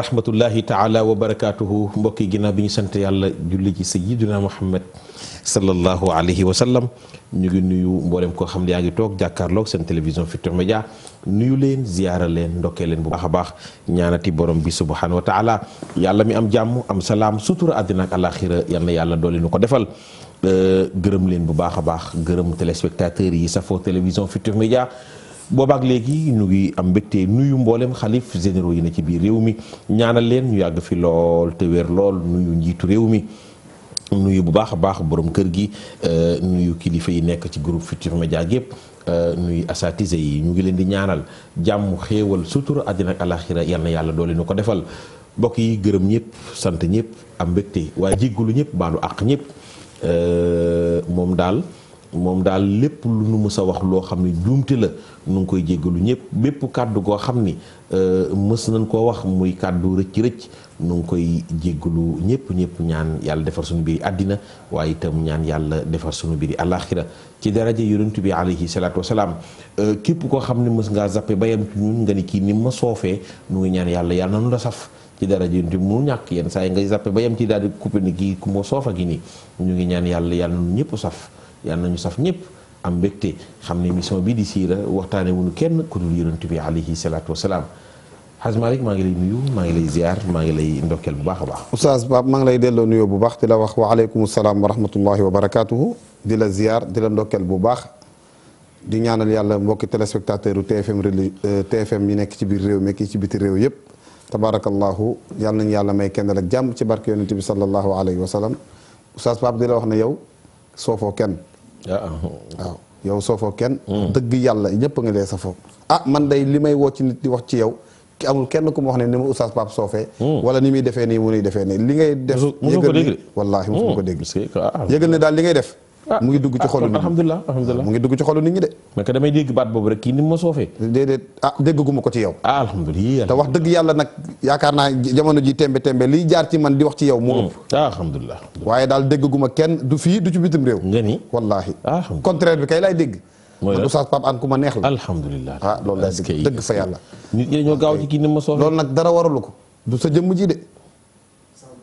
rahmatullahi taala wa barakaatuhu mbokki ginaa bi ñu sant yàlla julli ci sayyidina Muhammad sallallahu alayhi wa sallam ñu ngi nuyu mboolem koo xam ne yaa ngi toog jàkkaarloog seen télévision Futurs Médias nuyu leen ziyaara leen ndokkee leen bu baax a baax ñaanati borom bi subhaanahu wa taala yàlla mi am jàmm am salaam sutura àddina ak àlaxira yal yàlla doole nu ko defal euh, gërëm leen bu baax a baax gërëm téléspectateurs yi safoo télévision Futurs Médias boobaak léegi ñu ngi am mbégte nuyu mboolem xalif généro yi na ci biir réew mi ñaanal leen ñu yàgg fi lool te wér lool nuyu njiitu réew mi nuyu bu baax a baax borom kër gi euh, nuyu kilifa yi nekk ci groupe Futurs Médias yëpp euh, nuyu asatise yi ñu ngi leen di ñaanal jàmm xéewal sutura àddina ak alaxira yal yàlla doole nu ko defal mbokk yi gërëm ñëpp sant ñëpp am mbégte waaye jéggalu ñëpp baalu àq ñëpp euh, moom daal. moom daal lépp lu nu mës wax loo xam ni juumte la nu ngi koy jéggalu ñëpp bépp kàddu goo xam ni euh, mës nañ koo wax muy kàddu rëcc-rëcc nu ngi koy jéggalu ñëpp ñëpp ñaan yàlla defar suñu mbiri àddina waaye itam ñaan yàlla defar sunu suñu mbiri àllaaxira ci daraja yonent bi alayhi salaatu wasalaam euh, képp koo xam ne mës ngaa zappe bayam ci ñun nga ni kii ni ma soofee nu ngi ñaan yàlla yàlla nanu la saf ci dara ji mu ñàkk yenn saa yi ngay zappe ba yem ci daal di coupé ni kii ku ma soofa gi nii ñu ngi ñaan yàlla yàlla nu ñëpp saf yàlla nañu saf ñëpp am mbégte xam ne mission bi di siira waxtaane wuñu kenn ku dul yonent bi alayhi salaatu wasalaam Hadj Malick maa ngi maa ngi lay ziar maa ngi lay ndokkeel bu baax a baax oustaz Bab maa lay delloo nuyoo bu baax di la wax wa aleykum salaam wa rahmatullahi wa barakaatuhu di la ziar di la ndokkeel bu baax di ñaanal yàlla mbokki téléspectateur u TFM euh, TFM yi nekk ci biir réew mi ki ci biti réew yëpp tabaarakallahu yàlla nañu yàlla may kenn ak jàmm ci barke yonente bi sallallahu alayhi wa sallam oustaz Bab di la wax na yow soofoo kenn Ah, ah. waaw yow safoo kenn dëgg yàlla ñëpp nga dee safoo ah man day li may woo ci nit di wax ci yow ki amul kenn ku ma wax ne ni ma oustaz Pape Sofé hmm. wala ni muy defee nii wu nuy defee nii li ngay def yëgal ne wallaahi mosu ko hmm. dégg ah, yëgal ne daal li ngay def Ah, mu ngi dugg ci ah, xolu nit ñi alhamdulilah alhamdulilah mu ngi dugg ci xolu nit ñi de mais que damay dégg baat boobu rek kii ni ma soofee déedéet ah déggaguma ko ci yow ah alhamdulilah te wax dëgg yàlla nag yaakaar naa jamono ji tembe tembe liy jaar ci man di wax ci yow mu hmm. ëpp ah, waaye daal déggaguma kenn du fii du ci bitim réew nga contraire bi kay laay dégg mooy la Oustaz Pape Hann ku ma neex la alhamdulilah ah loolu laay dëgg fa yàlla nit ñi gaaw ci kii ni ma soofee loolu nag dara waralu ko du sa jëmm ji de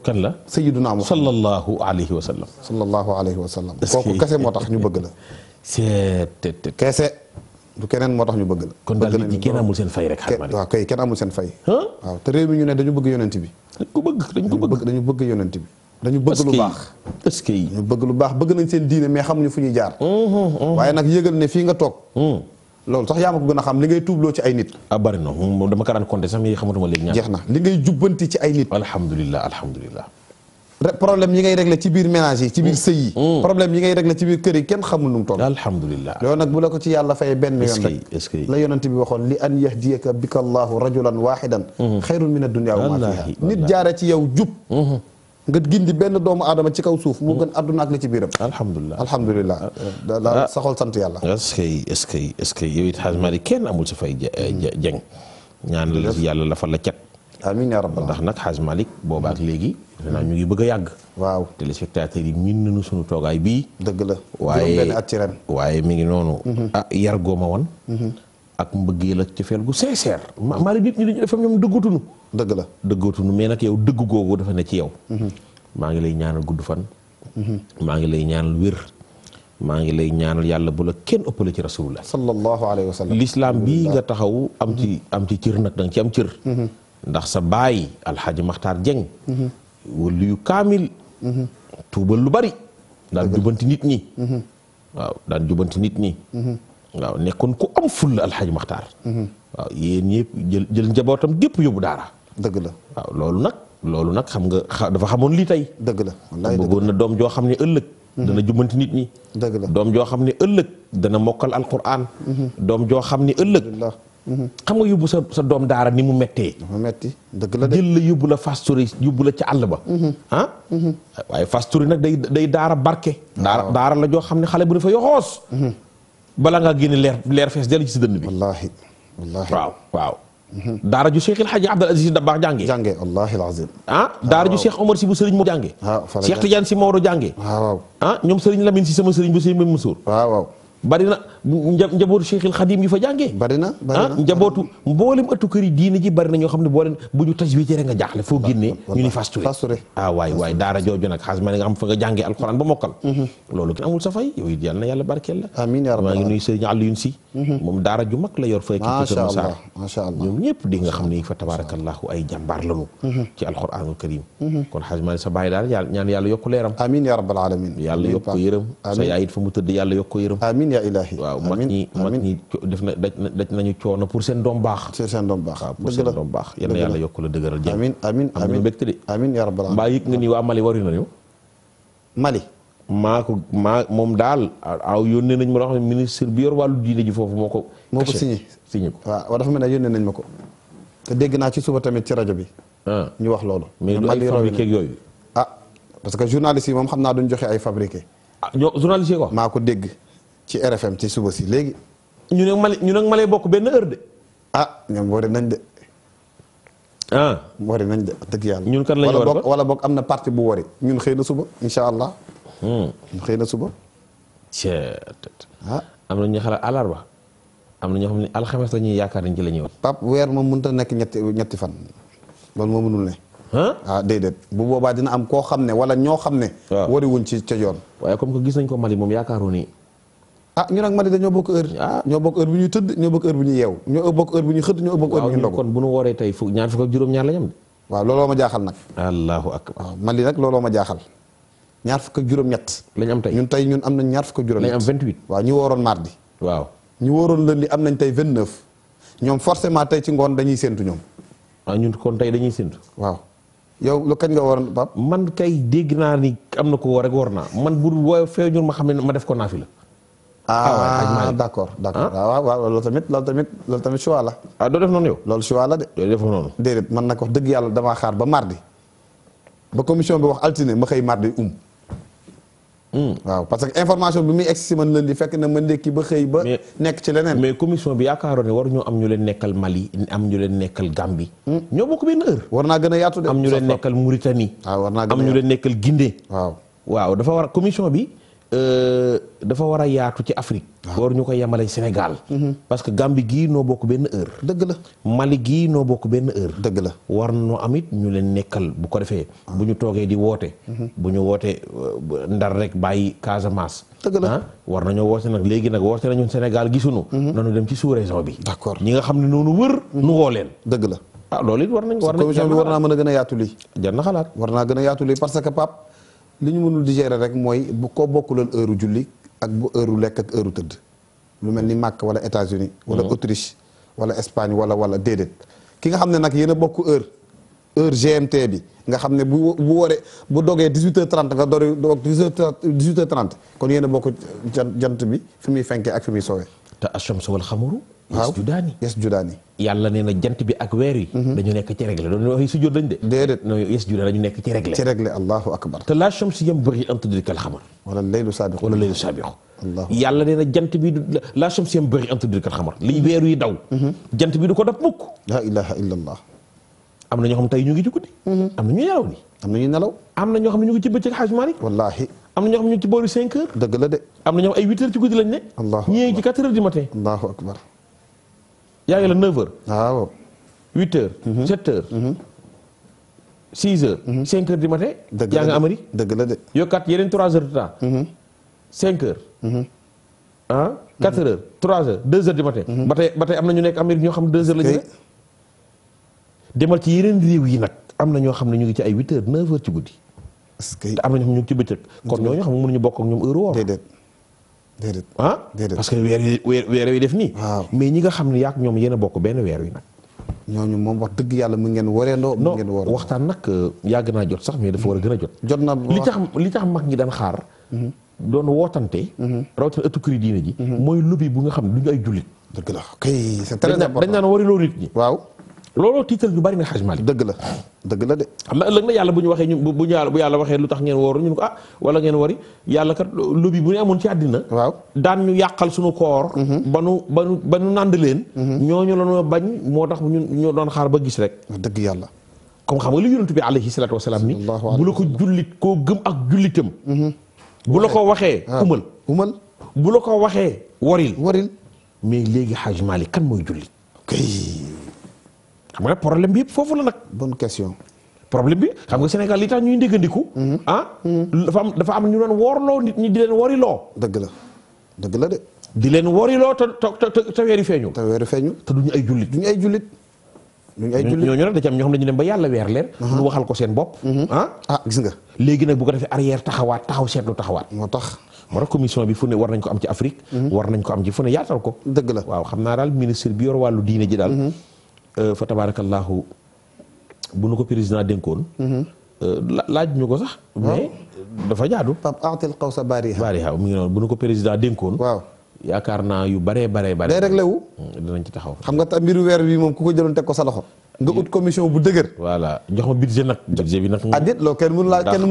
kan la sayyiduna Muhammad sallallahu alayhi wa sallam. sallallahu alayhi wa sallam. kooku kese moo tax ñu bëgg la. c'est kese du keneen moo tax ñu bëgg la. kon daal nit ñi kenn amul seen fay rek. xaaral waaw kay kenn amul seen te réew mi ñu ne dañu bëgg yonent bi. dañ ko bëgg dañu bëgg yonent bi. dañu bëgg lu baax bëgg nañ seen diine mais xamuñu fu ñuy jaar. waaye nag yëgal ne fii nga toog. loolu sax yaa ma ko gën a xam li ngay tuubloo ci ay nit ah bari na moom dama ko daan compté sax mais xamatuma léegi ñaar jeex na li ngay jubbanti ci ay nit alhamdulilah problème yi ngay réglé ci biir ménage ci biir mm. sëy mm. problème yi ngay réglé ci biir kër kenn xamul nu mu toll alhamdulilah loolu ko ci yàlla fay benn yoon la yonent bi waxoon li an yahdiyaka bika allahu rajulan wahidan mm-hmm. xayrun min ad dunya wa ma nit jaare ci yow jub mm-hmm. nga gindi benn doomu aadama ci kaw suuf. moo gën àdduna ak la ci biiram. alhamdulilah alhamdulilah. daal ah. saxol sant yàlla. est-ce que est-ce que est-ce que yow it xaalis mari kenn amul sa fay eh, jeng ñaan la yàlla la fa la cat amiin yaa rabbal ndax nag Hadj malik boobaak hmm. léegi. dinaa hmm. ñu ngi bëgg a yàgg. waaw téléspectateurs yi miin nañu sunu toogaay bii. dëgg la waaye juróom benn waaye mi ngi noonu. Hmm. Ah, yar gooma woon. ak mbëggeel ak cofeel gu sincère maa mm-hmm. nit ñi dañu defam ñoom dëggatuñu dëgg la dëggatuñu mais nag yow dëgg googu dafa ne ci yow mm-hmm. maa ngi lay ñaanal gudd fan mm-hmm. maa ngi lay ñaanal wér maa ngi lay ñaanal yàlla bu kenn ëpp ëppale ci rasulullah sallallahu alayhi wa sallam l'islam bii nga taxaw am ci am ci cër nag da ci am cër ndax sa baay alxaaji maxtaar jeng wala yu kaamil tuubal lu bari daan jubanti nit ñi waaw daan jubanti nit ñi waaw nekkoon ku am fulla alxaj maxtaar waaw yéen ñëpp jël jël njabootam gépp yóbbu daara dëgg la waaw loolu nag loolu nag xam nga dafa xamoon lii tey dëgg la wallaay bëggoon na doom joo xam ne ëllëg dana jubbanti nit ñi dëgg la doom joo xam ne ëllëg dana mokkal alquran doom joo xam ne ëllëg xam nga yóbbu sa sa doom daara ni mu mettee dafa metti dëgg la jël la yóbbu la fas turi yóbbu la ca àll ba mhm. ah mhm. waaye fas turi nag day daara barke daara daara la joo xam ne xale bu dafa yoxoos mhm. bala ngaa génne leer leer fees dellu ci sa dënn bi. wallaahi wallaahi waaw waaw. daara ju Cheikh El Hadj Abdou Aziz Dabakh jànge. jànge wallaahi alazim. Ah, ah, daara ju Cheikh Omar si bu sëriñ moo jànge. waaw Cheikh Tidiane si Maodo jànge. Ah, waaw ah ñoom sëriñ Lamine si sama sëriñ bu sëriñ Mansour. waaw waaw. bari na njabootu Cheikhil Khadim yu fa jàngee. bari ah, na bari na njabootu mboolem ëttu kër yi diine ji bari na ñoo xam ne boo leen bu ñu taj wi jëre nga jaaxle foo génnee ñu ni fasture fasture ah waay waay daara jooju nag xaas ma ne nga xam fa nga jàngee alxuraan ba mokkal mm-hmm. loolu kenn amul sa mm-hmm. fa tabarakallahu ay jàmbaar lañu mm-hmm. ci alxuraanul karim kon xaas ma ne sa ñaan yàlla yokku leeram amiin yaa fa mu tëdd yàlla yokk yërëm ya ilahi waaw mag ñi mag ñi def na daj nañu coono pour seen doom baax seen seen doom baax waaw pour seen yal na yàlla yokk Mali waru Mali maa moom daal aw yónnee nañ ma loo ministre bi yor wàllu diine ji foofu moo ko moo ko signé signé ko waaw dafa mel ne yónnee nañ ma ko te dégg naa ci suba tamit ci rajo bi ah. ñu wax loolu mais du ay fabriqué yooyu a ah, parce que journaliste yi moom xam naa duñ joxe ay fabriqué ah ñoo yi quoi maa ko ci RFM ci suba si léegi. ñu ne Mali ñu ne Mali bokk benn heure de. ah ñoom boori nañ de. ah boori nañ de dëgg yàlla. ñun kan la bokk wala bokk am na parti bu wari ñun xëy na suba incha allah. Hmm. ñun xëy na suba. ah am na ñu xalaat àllarba am na ñoo xam ne alxames la ñuy yaakaar nañ ci la ñuy wax. Pape weer moom mënut a nekk ñetti ñetti fan loolu moo mënul ne. ah déedéet bu boobaa dina am koo xam ne wala ñoo xam ne. waaw ah. wariwuñ ci ca yoon. waaye comme que gis nañ ko Mali moom yaakaaroo ni ah ñu nag ma ne dañoo bokk heure ah ñoo bokk heure bu ñuy tëdd ñoo bokk heure bu ñuy yeew ñoo bokk heure bu ñuy xëdd ñoo bokk heure bu ñuy ndog bu ñu wooree tey fukk ñaar fukk juróom looloo ma jaaxal ñaar fukk juróom-ñett lañ am tey ñun tey ñun am nañ ñaar fukk ak juróom-ñett lañ am 28 ñu wooroon mardi waaw ñu wooroon lundi am nañ tey 29 ñoom forcément tey ci ngoon dañuy séntu ñoom waaw ah, ñun kon tey dañuy séntu waaw yow lu kañ nga waroon pap man kay dégg naa ni na ko war rek war na man bu woo feeñul ma xam ne ma def ko naafi la ah d' accord d' waaw waaw loolu tamit loolu tamit loolu tamit choix la. ah doo def noonu loolu choix la de. doo def noonu. déedéet man nag wax dëgg yàlla damaa xaar ba mardi ba commission bi wax altine ma xëy mardi um. Hmm. waaw parce que information bi mu egg si man lundi fekk na ma ndékki ba xëy ba. nekk ci leneen. mais commission bi yaakaaroon ne war ñoo am ñu leen nekkal Mali am ñu leen nekkal Gambie. Hmm. ñoo bokk benn heure. war naa gën a yaatu de. am ñu leen nekkal Mauritanie. waaw ah, war naa am ñu leen nekkal Guinée. waaw bi. dafa war a yaatu ci Afrique. war ñu ko yemale Sénégal. Mm-hmm. parce que Gambie gii noo bokk benn heure. dëgg la Mali gii noo bokk benn heure. dëgg la war nañoo am it ñu leen nekkal bu ko defee. Ah. bu ñu toogee di woote. Mm-hmm. bu ñu wootee euh, ndar rek bàyyi Casamance. dëgg la ah? war nañoo woote nag léegi nag woote nañu Sénégal gisuñu. Mm-hmm. nañu dem ci sous région bi. d'accord nga xam ne noonu wër. nu woo leen dëgg la. ah loolu it war nañ war nañ commission bi war naa gën a yaatu lii. jar na xalaat war naa gën a yaatu lii parce que Pape. li ñu mënul digérer rek mooy bu ko bokkuloon heure julli ak bu heure lekk ak heure tëdd lu mel ni Màkk wala États-Unis wala mhm. Autriche wala Espagne wala wala déedéet ki nga xam ne nag yéen a bokk heure heure GMT bi nga xam ne bu bu waree bu dogee dix huit heures trente nga dori doog dix huit heures kon yéen a bokk jant bi fi muy fenkee ak fi muy soowee te ashams wal xamaru waaw yes judaani yàlla nee na jant bi ak weer wi mhm. dañu nekk ci na jant mhm. daw mhm. jant bi du ko daf mukk la ilaha illa am na ñoo xam tey ñu ngi ci guddi am na ñu nelaw ni am na ñoo xam ñu ngi ci bëccëg ci boori cinq am na ñoo xam ay huit ci guddi lañ ne ñii ci quatre heures yaa ngi la 9 heures. Ah, waaw 8 heures. 7 mhm. heures. 6 mhm. heures. 5 mhm. matin. dëgg yaa ngi Amérique. dëgg la de yokkaat yeneen 3 heures de temps. 5 heures. ah 4 heures 3 heures 2 matin. ba tey am na ñu nekk Amérique ñoo xam ne 2 heures la ñu. demal ci yeneen réew yi nag am na ñoo xam ne ñu ngi ci ay 8 heures ci guddi. est-ce que te am na ñoo xam ñu ngi ci bëccëg. kon ñooñu xam ne mënuñu bokk ak ñoom heure woor. Ah? déedéet parce que weer wi weer wi def nii. mais ñi nga xam ne yaak ñoom yéen a bokk benn weer wi nag. ñooñu moom wax dëgg yàlla mu ngeen wareendoo. mu ngeen waroo waxtaan nag euh, yàgg naa jot sax mais dafa war a gën a jot. jot na li tax li tax mag ñi daan xaar. Mhm. doon wootante. Mhm. rawatina ëttu kër diine ji. Mhm. mooy lobby bu nga xam du ñu ay jullit. dëgg la kay c'est très important naan wariloo nit ñi looloo tiital ñu bari na xaj Malick dëgg la dëgg la de xam na ëllëg na yàlla bu ñu waxee ñu bu ñu yàlla bu yàlla waxee lu tax ngeen wooru ñu ne ko ah wala ngeen wari yàlla kat lobi bu ñu amoon ci àddina waaw daan ñu yàqal suñu koor mhm. ba nu ba nu ba nu nànd leen mhm. ñooñu la noo bañ moo tax ñu ñoo doon xaar ba gis rek dëgg yàlla comme xam nga li yonent bi alayhi salaatu wasalaam ni bu la ko jullit koo gëm ak jullitam mhm. bu la ko waxee ah. umal umal bu la ko waxee waril waril mais léegi xaj Malick mooy jullit xam nga problème bi yëpp foofu la nag. bonne question. problème bi xam nga Sénégal li tax ñuy ndéggandiku. Mhm. ah. dafa am dafa am ñu doon woorloo nit ñi di leen woriloo. dëgg la dëgg la de. di leen woriloo te te te weeri feeñu. te weeri feeñu. te duñu ay jullit duñu ñu ay jullit ñooñu nag da ci am ñu dem ba yàlla weer leen. Mhm. waxal ko seen bopp. Mhm. ah, ah nga. léegi nag bu defee arrière taxawaat taxaw seetlu taxawaat. moo tax moo bi fu war nañ ko am ci war nañ ko am ci fu ne ko. dëgg la waaw xam naa daal ministre bi yor wàllu diine ji daal. Euh, fa tabaarakallaahu bu nu ko président dénkoon. Mhm. Euh, laaj ñu ko sax. mais dafa jaadu. Pape Atil Qawsa Bariha. Bariha mu ngi noonu bu nu ko président dénkoon. waaw yaakaar naa yu baree baree. baree day réglé wu. Hmm, dinañ ci taxaw. xam nga tam mbiru weer wi moom ku ko jëloon teg ko sa loxo. nga ut commission bu dëgër. voilà jox ma budget nag. budget bi nag ah kenn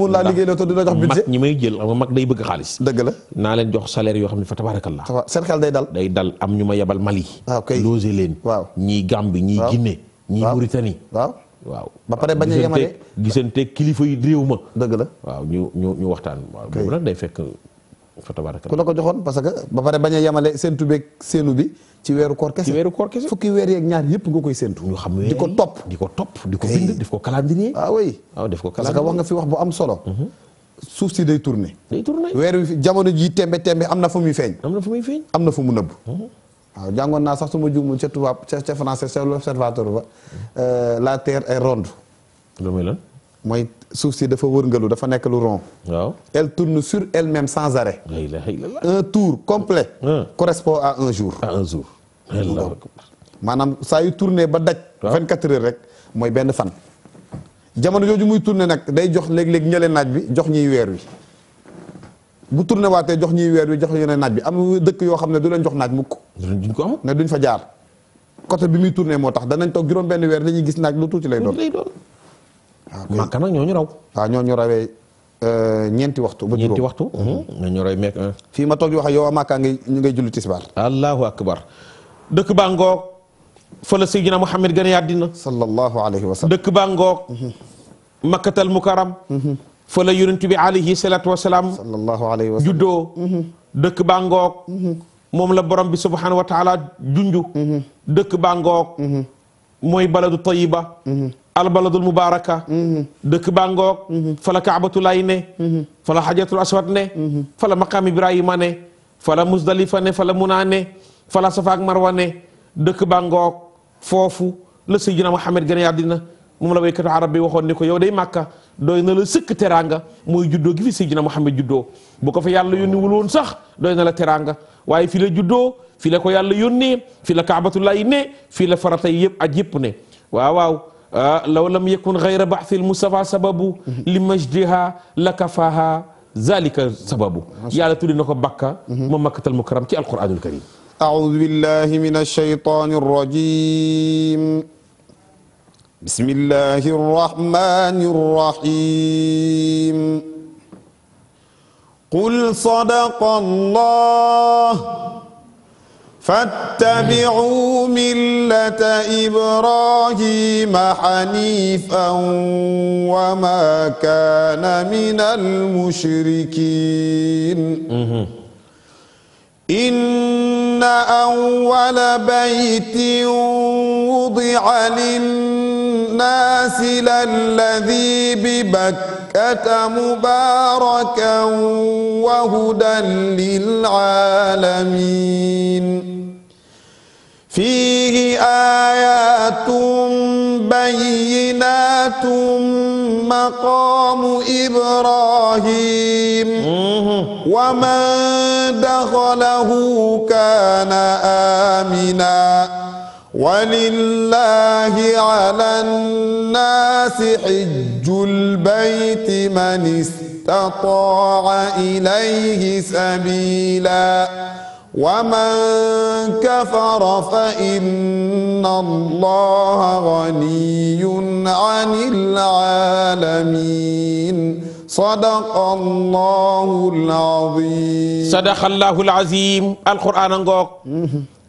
mun laa liggéey loo te jox budget. mag ñi may jël xam nga mag day bëgg xaalis. dëgg la naa leen jox salaire yoo xam ne fa tabarakallah. seen xel day dal. am ñu ma yebal Mali. Ah, waaw leen. ñii Gambie ñii Guinée. ñii Mauritanie. waaw ba pare bañ a yemale gisante kilifa yi réew ma. dëgg la waaw ñu ñu ñu waxtaan. waaw boobu nag day fekk fa tabarakallah. ku la ko joxoon parce que ba pare bañ a yemale ci weeru koor kese ci weeru koor kese fukki weer yeeg ñaar yëpp nga koy séntu ñu xam di ko topp di ko topp di ko bind def ko calendrier ah oui waaw ah, def ko calendrier parce que wax nga fi wax bu am solo mhm. suuf si day tourner day tourner weer wi jamono ji tembe tembe am na fu muy feeñ am na fu muy feeñ am na fu mu nëbb mhm. waaw jàngoon naa sax su ma juumul ca tubaab ca français ca l'observatoire ba euh, la terre est ronde lu muy lan mooy suuf si dafa wërngalu dafa nekk lu rond waaw elle tourne sur elle-même sans arrêt un tour complet correspond à un jour à un jour maanaam saa yu tourné ba daj. vingt quatre rek mooy benn fan. jamono jooju muy tourné nag day jox léeg-léeg ñële naaj bi jox ñiy weer wi bu tourné waatee jox ñiy weer wi jox ñeneen naaj bi am dëkk yoo xam ne du lañ jox naaj mukk duñ ko am ne duñ fa jaar. côté bi muy tourné moo tax danañ toog juróom benn weer dañuy gis naaj lu tuuti lay doon. waaw kay màkk nag ñoo ñu raw. waaw ah, ñoo ñu rawee euh, ñeenti waxtu. ba juróom ñeenti waxtu. Mhm. ñoo ñu rawee meek fii ma toog di wax ak yow a màkkaa ngay ngay julli tisbaar. allahu akbar dëkk baa ngoog fa la Seydina Muhammad gane àddina dëkk baa ngoog makkatal mukaram fa la yonent bi alayhi salatu dëkk baa moom la borom bi subhanahu wa taala junju dëkk baa ngoog mooy baladu tayiba albaladul mubaraka dëkk baa ngoog fa la kaabatulaay ne fa la xajatul aswad ne fa la maqaam fala safaak marwa ne dëkk ba ngoog foofu la sayyidina Muhammad gën a àddina moom la waykatu arab bi waxoon ni ko yow day màkka doy na la sëkk teraanga mooy juddoo gi fi sayyidina Muhammad juddoo bu ko fa yàlla yónni wul woon sax doy na la teraanga waaye fi la juddoo fi la ko yàlla yónnee fi la kaabatullahi ne fi la farata yëpp aj yëpp ne waaw waaw ah, law lam yakun gayra baxtil mustafa sababu mhm. li majdiha la kafaha zalika sababu yàlla tuddi na ko bakka ma mhm. makkatal mukaram ci alquranul karim أعوذ بالله من الشيطان الرجيم بسم الله الرحمن الرحيم قل صدق الله فاتبعوا ملة إبراهيم حنيفا وما كان من المشركين إن إن أول بيت وضع للناس للذي ببكة مباركا وهدى للعالمين فيه آيات بينات مقام إبراهيم ومن دخله كان آمنا ولله على الناس حج البيت من استطاع إليه سبيلا ومن كفر فإن الله غني عن العالمين صدق الله العظيم صدق الله العظيم القرآن ngoog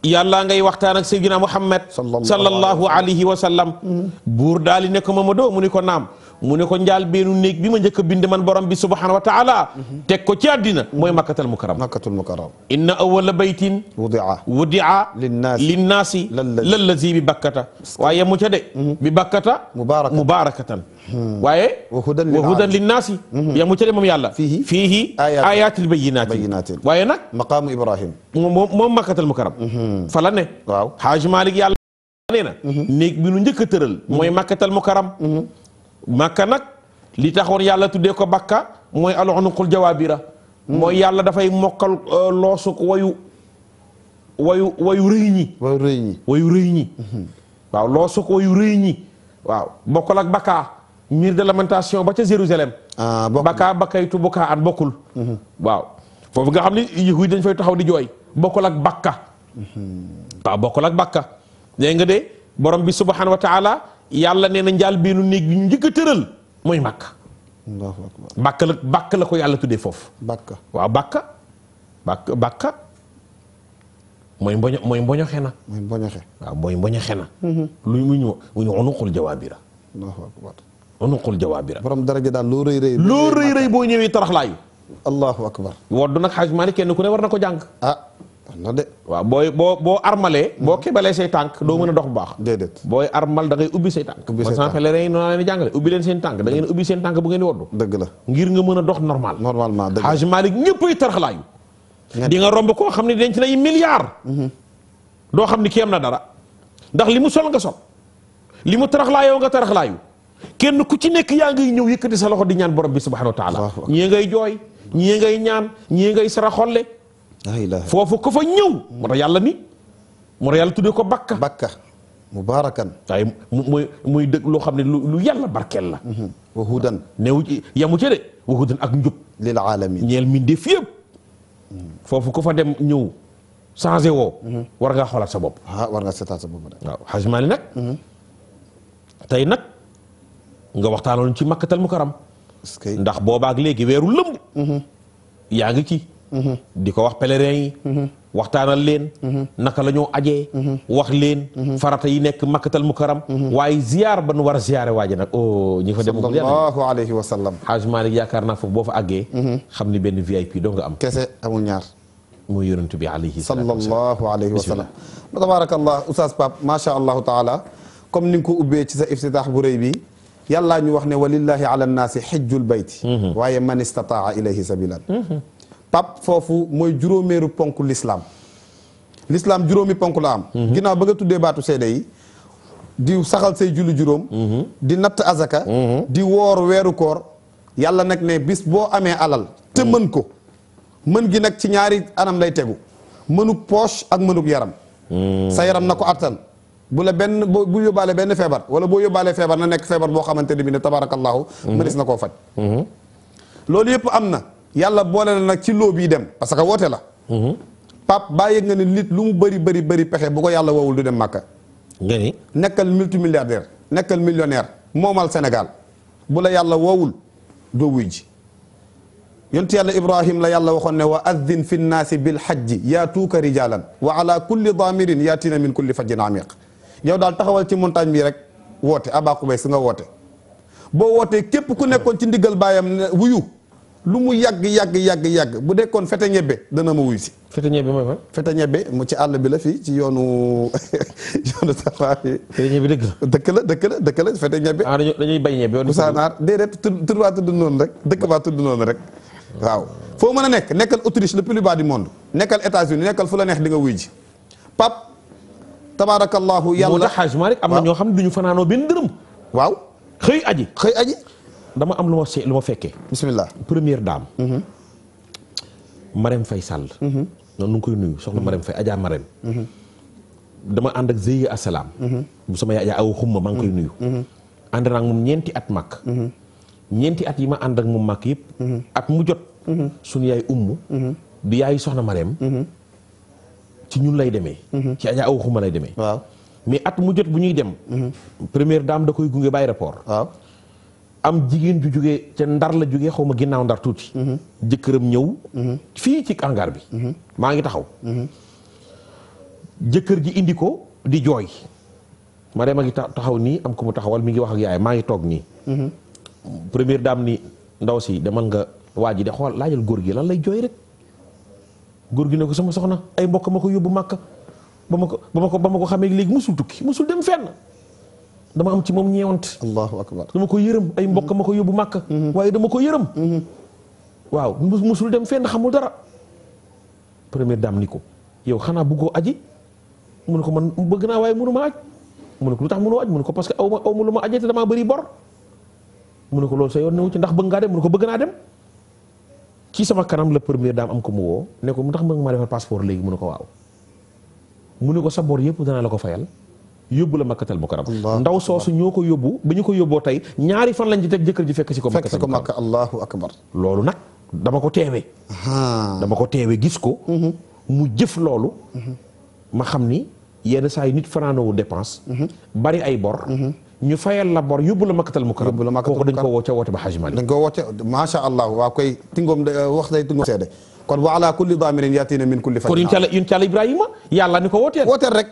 yàlla ngay waxtaan ak Seydina Muhammad sallallahu alayhi wa sallam buur daali ne ko Mamadou mu ni ko naam mu ne ko njaal beenu néeg bi ma njëkk a bind man borom bi subhanahu wa taala teg ko ci àddina mooy makkatal mukarram makkatal mukarram inna awala baytin wudia wudia linnaasi lallazi bi bakkata waaye mu ca de mhm. bi bakkata mubarakatan hmm. waaye wa hudan linnaasi mhm. ya mu ca de moom yàlla fiihi ayatil bayinatin waaye nag maqaamu ibrahim moom makkatal mukarram mhm. fala ne waaw xaaj malik yàlla nee na néeg bi nu njëkk a tëral mooy makkatal mukarram makka nag li taxoon yàlla tuddee ko bakka mooy alxunuqul jawaabira mooy yàlla dafay mokkal euh, loosuk wayu wayu wayu rëy ñi wayu rëy ñi waaw loosuk wayu rëy ñi mhm. waaau bokkul ak bakka mur de lamentation ba ca Jérusalem ah, bakkaa bakkaytu bukkaa an bokkul mhm. waaw foofu nga xam ne yahuud dañ fay taxaw di jooy bokkul ak bakka mhm. waaw bokkul ak bakka dégg nga de borom bi subhanahu wa taala yàlla nee na njaal beenu néeg bi ñu njëkk a tëral mooy màkk bàkk la bàkk la ko yàlla tuddee foofu bàkk waaw bàkk bàkk bàkk mooy mboño mooy mboñoxe na mooy mboñoxe waaw mooy mboñoxe na mm-hmm. luy mu ñu mu ñu unuqul jawaabira unuqul jawaabira borom daraja daal loo rëy rëy loo rëy rëy boo ñëwee taraxlaayu allahu nag xaaj maalik kenn ku ne war na ko jàng ah. na de waaw booy boo boo armalee boo hmm. kebalee say tànk doo mën a dox bu baax booy armal da ngay ubbi say tànk ba sànq leneen yi noonu la leen jàngale ubbi leen seen tànk da ngeen ubbi seen tànk bu ngeen di woddu la ngir nga mën a dox normal normalement dëgg Hajj Malik ñëppay tarxalaayu di nga romb koo xam ne denc nay milliards mm-hmm. doo xam ni kéem na dara ndax li mu sol nga sol li mu taraxlaayoo nga taraxlaayu kenn ku ci nekk yaa ngay ñëw yëkkati sa loxo di ñaan borom bi subhanahu wa taala ñii ngay jooy ngay ñaan ñii ngay saraxolle foofu ko fa ñëw moo tax yàlla ni moo tax yàlla tuddee ko bakka bakka mubaarakan waaye muy muy dëgg loo xam ne lu yàlla barkeel la mhm. wa hudan neew yamu ci de wa hudan ak njub lil alamin ñeel mbindeef yëpp foofu ko fa dem ñëw changé woo mhm. war ngaa xoolaat sa bopp war nga seetaat sa bopp waaw xajmaa ni nag mhm. tey nag nga waxtaanoon ci makkatal mukaram ndax boobaak léegi weeru lëmb yaa ngi ci di ko wax pèlerin yi waxtaanal leen naka la ñoo ajee wax leen farata yi nekk makkatal mukaram waaye ziyaar ba nu war a ziyaare waaji nag o oh, ñi fa dem sallallahu alayhi wa sallam xaaj Malick yaakaar naa foofu boo fa àggee xam ni benn VIP doo nga am kese amul ñaar muy yonent bi alayhi sallallahu alayhi wa sallam tabaarakallah oustaz Pape macha allahu taala comme ni nga ko ubbee ci sa iftitaax bu rëy bi yàllaa ñu wax ne walillahi ala nnaasi xijjul bayti mhm. waaye man istataa ilayhi sabilan mhm. pap foofu mooy juróomeeru ponk lislaam lislaam juróomi ponk la am mhm. ginnaaw ba nga tuddee baatu seede yi di saxal say julli juróom mhm. di natt azaka mhm. di woor weeru koor yàlla nag ne bis boo amee alal te mën ko mën gi nag ci ñaari anam lay tegu mënug poche ak mënug yaram sa yaram na ko attan bu la benn bu yóbbaale benn feebar wala boo yóbbaalee feebar na nekk feebar boo xamante ni bi ne tabaarakallaahu mënees na koo faj loolu yëpp am na yàlla boole la nag ci loo dem parce que woote la. Mhm. Pape baa yëg nga ne nit lu mu bëri bari bari pexe bu ko yàlla woowul du dem màkka nga ni nekkal multimilliardaire nekkal millionnaire moomal senegal bu la yàlla woowul doo wuy ji. yontu yàlla Ibrahim la yàlla waxoon ne wa addin fi nnaasi bil xajji yaatuuka rijaalan wa ala kulli daamirin yaatina min kulli fajjin amiq yow daal taxawal ci montagne bi rek woote Abba si nga woote boo wootee képp ku nekkoon ci ndigal baayam wuyu. lu mu yàgg yàgg yàgg yàgg bu dekkoon fete ñebbe dana ma wuyu si. fete ñebbe mooy fan. fete ñebbe mu ci àll bi la fii ci yoonu yoonu Tafa bi. fete ñebbe dëgg la. dëkk la dëkk la dëkk la fete ñebbe. Ah, dañuy bay ñebbe. Kousanaar déedéet tur baa tudd noonu rek dëkk baa tudd noonu rek. waaw foo mën a nekk nekkal Autriche le plus bas du monde nekkal États-Unis nekkal fu la neex di nga wuy ji pap tabaarakallahu yàlla moo tax xaaj Malick am na ñoo xam ne duñu fanaanoo benn dërëm. waaw xëy aji xëy dama am lu ma se lu ma fekkee. bisimilah première dame. Mm-hmm. Marème Faye Sall. Mm-hmm. noonu nu koy nuyu soxna Marème Faye Adja Marème. Mm-hmm. dama ànd ak Zeye Asalaam. bu sama yaay aw xumma ma ngi koy nuyu. ànd naa ak at màkk. at yi ma ànd ak moom màkk yëpp. at mu jot. suñu yaay ummu. di yaayu soxna Marème. ci ñun lay demee. ci Adja aw xumma lay demee. mais at mu jot bu ñuy dem. première dame da koy gunge ba aéroport. am jigéen ju jóge ca ndar la jóge xaw ma ginnaaw ndar tuuti. Mhm. jëkkëram ñëw. Mhm. fii ci hangar bi. Mhm. maa ngi taxaw. jëkkër ji indi ko di jooy. ma dem a ngi taxaw nii am ko mu taxawal mi ngi wax ak yaay maa ngi toog nii. première dame ni ndaw si demal nga waa ji de xool laajal góor gi lan lay jooy rek. góor gi ne ko sama soxna ay mbokk ma ko yóbbu màkk ba ma ko ba ma ko ba ma ko xamee léegi musul tukki musul dem fenn. dama am ci moom ñeewante. allahu akbar dama ko yërëm ay mbokk ma ko yóbbu màkk. Mm-hmm. Mm-hmm. waaye dama ko yërëm. Mm-hmm. waaw musul dem fenn xamul dara. première dame ni ko yow xanaa bëggoo aji mu ko man bëgg naa waaye mënu ma aj mu ne ko lu tax mënoo aj ko parce que aw ma aw ma lu ma ajee damaa bëri bor. mu ne ko loolu sa yoon newu ci ndax bëgg ngaa dem mu ko bëgg naa dem. ci sama kanam la première dame am ko mu woo ne mu tax mën nga maa defal passeport léegi mun ne ko waaw mu ne ko sa bor yëpp danaa la ko fayal. yóbbu la makkatal mukarram ndaw soosu ñoo ko yóbbu ba ñu ko yóbboo tey ñaari fan lañ ci teg jëkkër ji fekk si ko fekk si ko makka allahu akbar loolu nag dama ko teewee dama ko teewee gis ko mhm. mu jëf loolu mhm. ma xam ni yenn saa yi nit fanaanowu dépense mhm. bari ay bor ñu fayal la bor yóbbu la makkatal mukarram yóbbu la ko woote woote ba Hajji Maalik ko woote macha tingoom seede kon wa ala kulli daamirin yaatina min kulli fajjin kon yàlla ni ko wooteel wooteel rek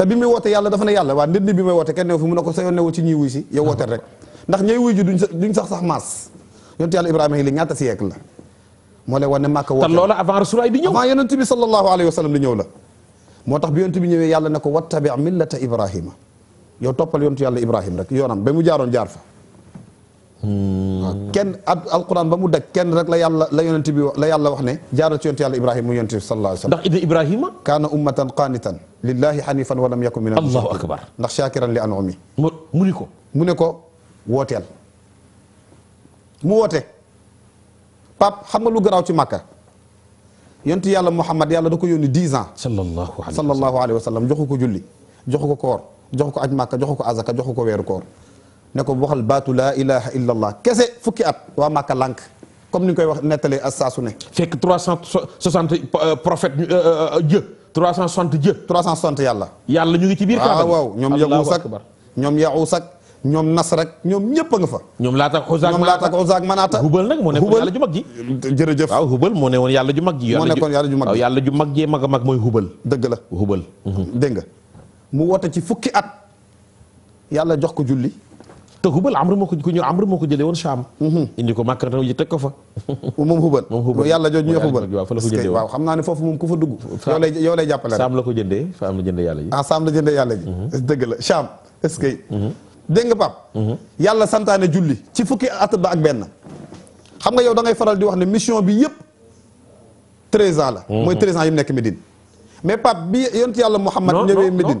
te bi muy woote yàlla dafa ne yàlla waa nit ñi bi may woote kenn fi mu ne ko sa yoon newul ci ñuy wuy si yow wooteel rek ndax ñooy wuy ji duñ sax sax maas yonent yàlla ibrahima yi moo lay wan ne màkka woote te loola avant rasulaay di ñëw avant yonent bi sallallahu alayhi wa sallam di ñëw la moo tax bi yonent bi ñëwee yàlla ne ko wattabi millata ibrahima toppal yonent yàlla ibrahima rek yoonam ba mu jaaroon jaar fa kenn ab alquran ba mu daj kenn rek la yàlla la yonent bi yàlla wax ne jaaral ci yonent yàlla ibrahima mu yonent bi sallallahu alayhi wa sallam ndax ibrahima kaana ummatan qaanitan lillahi hanifan wa lam yakun min allahu akbar ndax shakiran mu ni ko mu ne ko wooteel mu woote pap xam nga lu garaaw ci màkka yonent yàlla muhammad yàlla da ko yónni dix ans sallallahu alayhi wa sallam joxu ko julli joxu ko koor joxu ko aj màkka joxu ko azaka joxu ko weeru koor ne ko waxal baatu la ilaha illa kese fukki at waa Màkka lànk comme ni ñu koy wax nettalee as saasu ne. fekk 360 euh, euh, prophète euh, Dieu 360 Dieu. 360 yàlla. yàlla ñu ngi ci biir Kaaba waaw waaw ñoom Yaguus ak ñoom Yaxuus ak ñoom Nas rek ñoom ñëpp a fa. ñoom Laata Xuzaak ñoom Laata Xuzaak Manaata. Hubal nag moo nekkoon yàlla ju mag ji. jërëjëf yàlla ju mag ji. moo nekkoon yàlla ju mag ji waaw yàlla ju a mooy Hubal. dëgg la Hubal. dégg nga mu woote ci fukki at yàlla jox ko julli. te Hubal Amr moo ko ku ñu Amr moo ko woon Cham. Mhm. indi ko Makka ji teg waaw la ko jëndee waaw xam naa ne foofu moom ku fa dugg. yow lay jàppale rek Saam la ko jëndee Saam la yàlla ji. Ah, mhm. dëgg la Cham est-ce que. Mhm. yàlla santaane julli ci fukki at ba ak benn. xam nga yow da ngay faral di wax ne mission bi yëpp 13 ans la. mooy 13 ans yi mu nekk Médine. mais Pape bi yonent yàlla Muhammad ñëwee Médine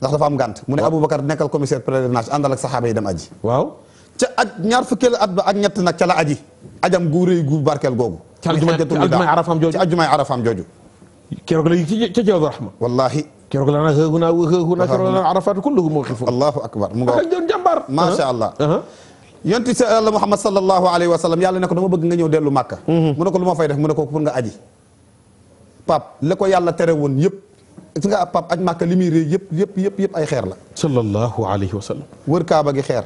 ndax dafa am gànt mu ne Aboubacar nekkal commissaire pèlerinage àndal ak saxaaba yi dem aji waaw ca aj ñaar fukkeelu at ba ak ñett nag ca la aji ajam gu rëy gu barkeel googu ci ajjumaay arafam jooju keroog la ca jawab rahma wallahi keroog la na xëguna xëguna keroog la na arafatu kulluhum allah yonti sa yàlla muhammad sallallahu alayhi wa sallam yàlla ne ko dama bëgg nga ñëw dellu màkka mm-hmm. mu ne ko lu fay def mu ko pour nga aji pap la ko yàlla tere woon yëpp gis nga ab pap aj màkka li muy réy yëpp yëpp yëpp yëpp ay xeer la sallallahu alayhi wa sallam wër kaaba gi xeer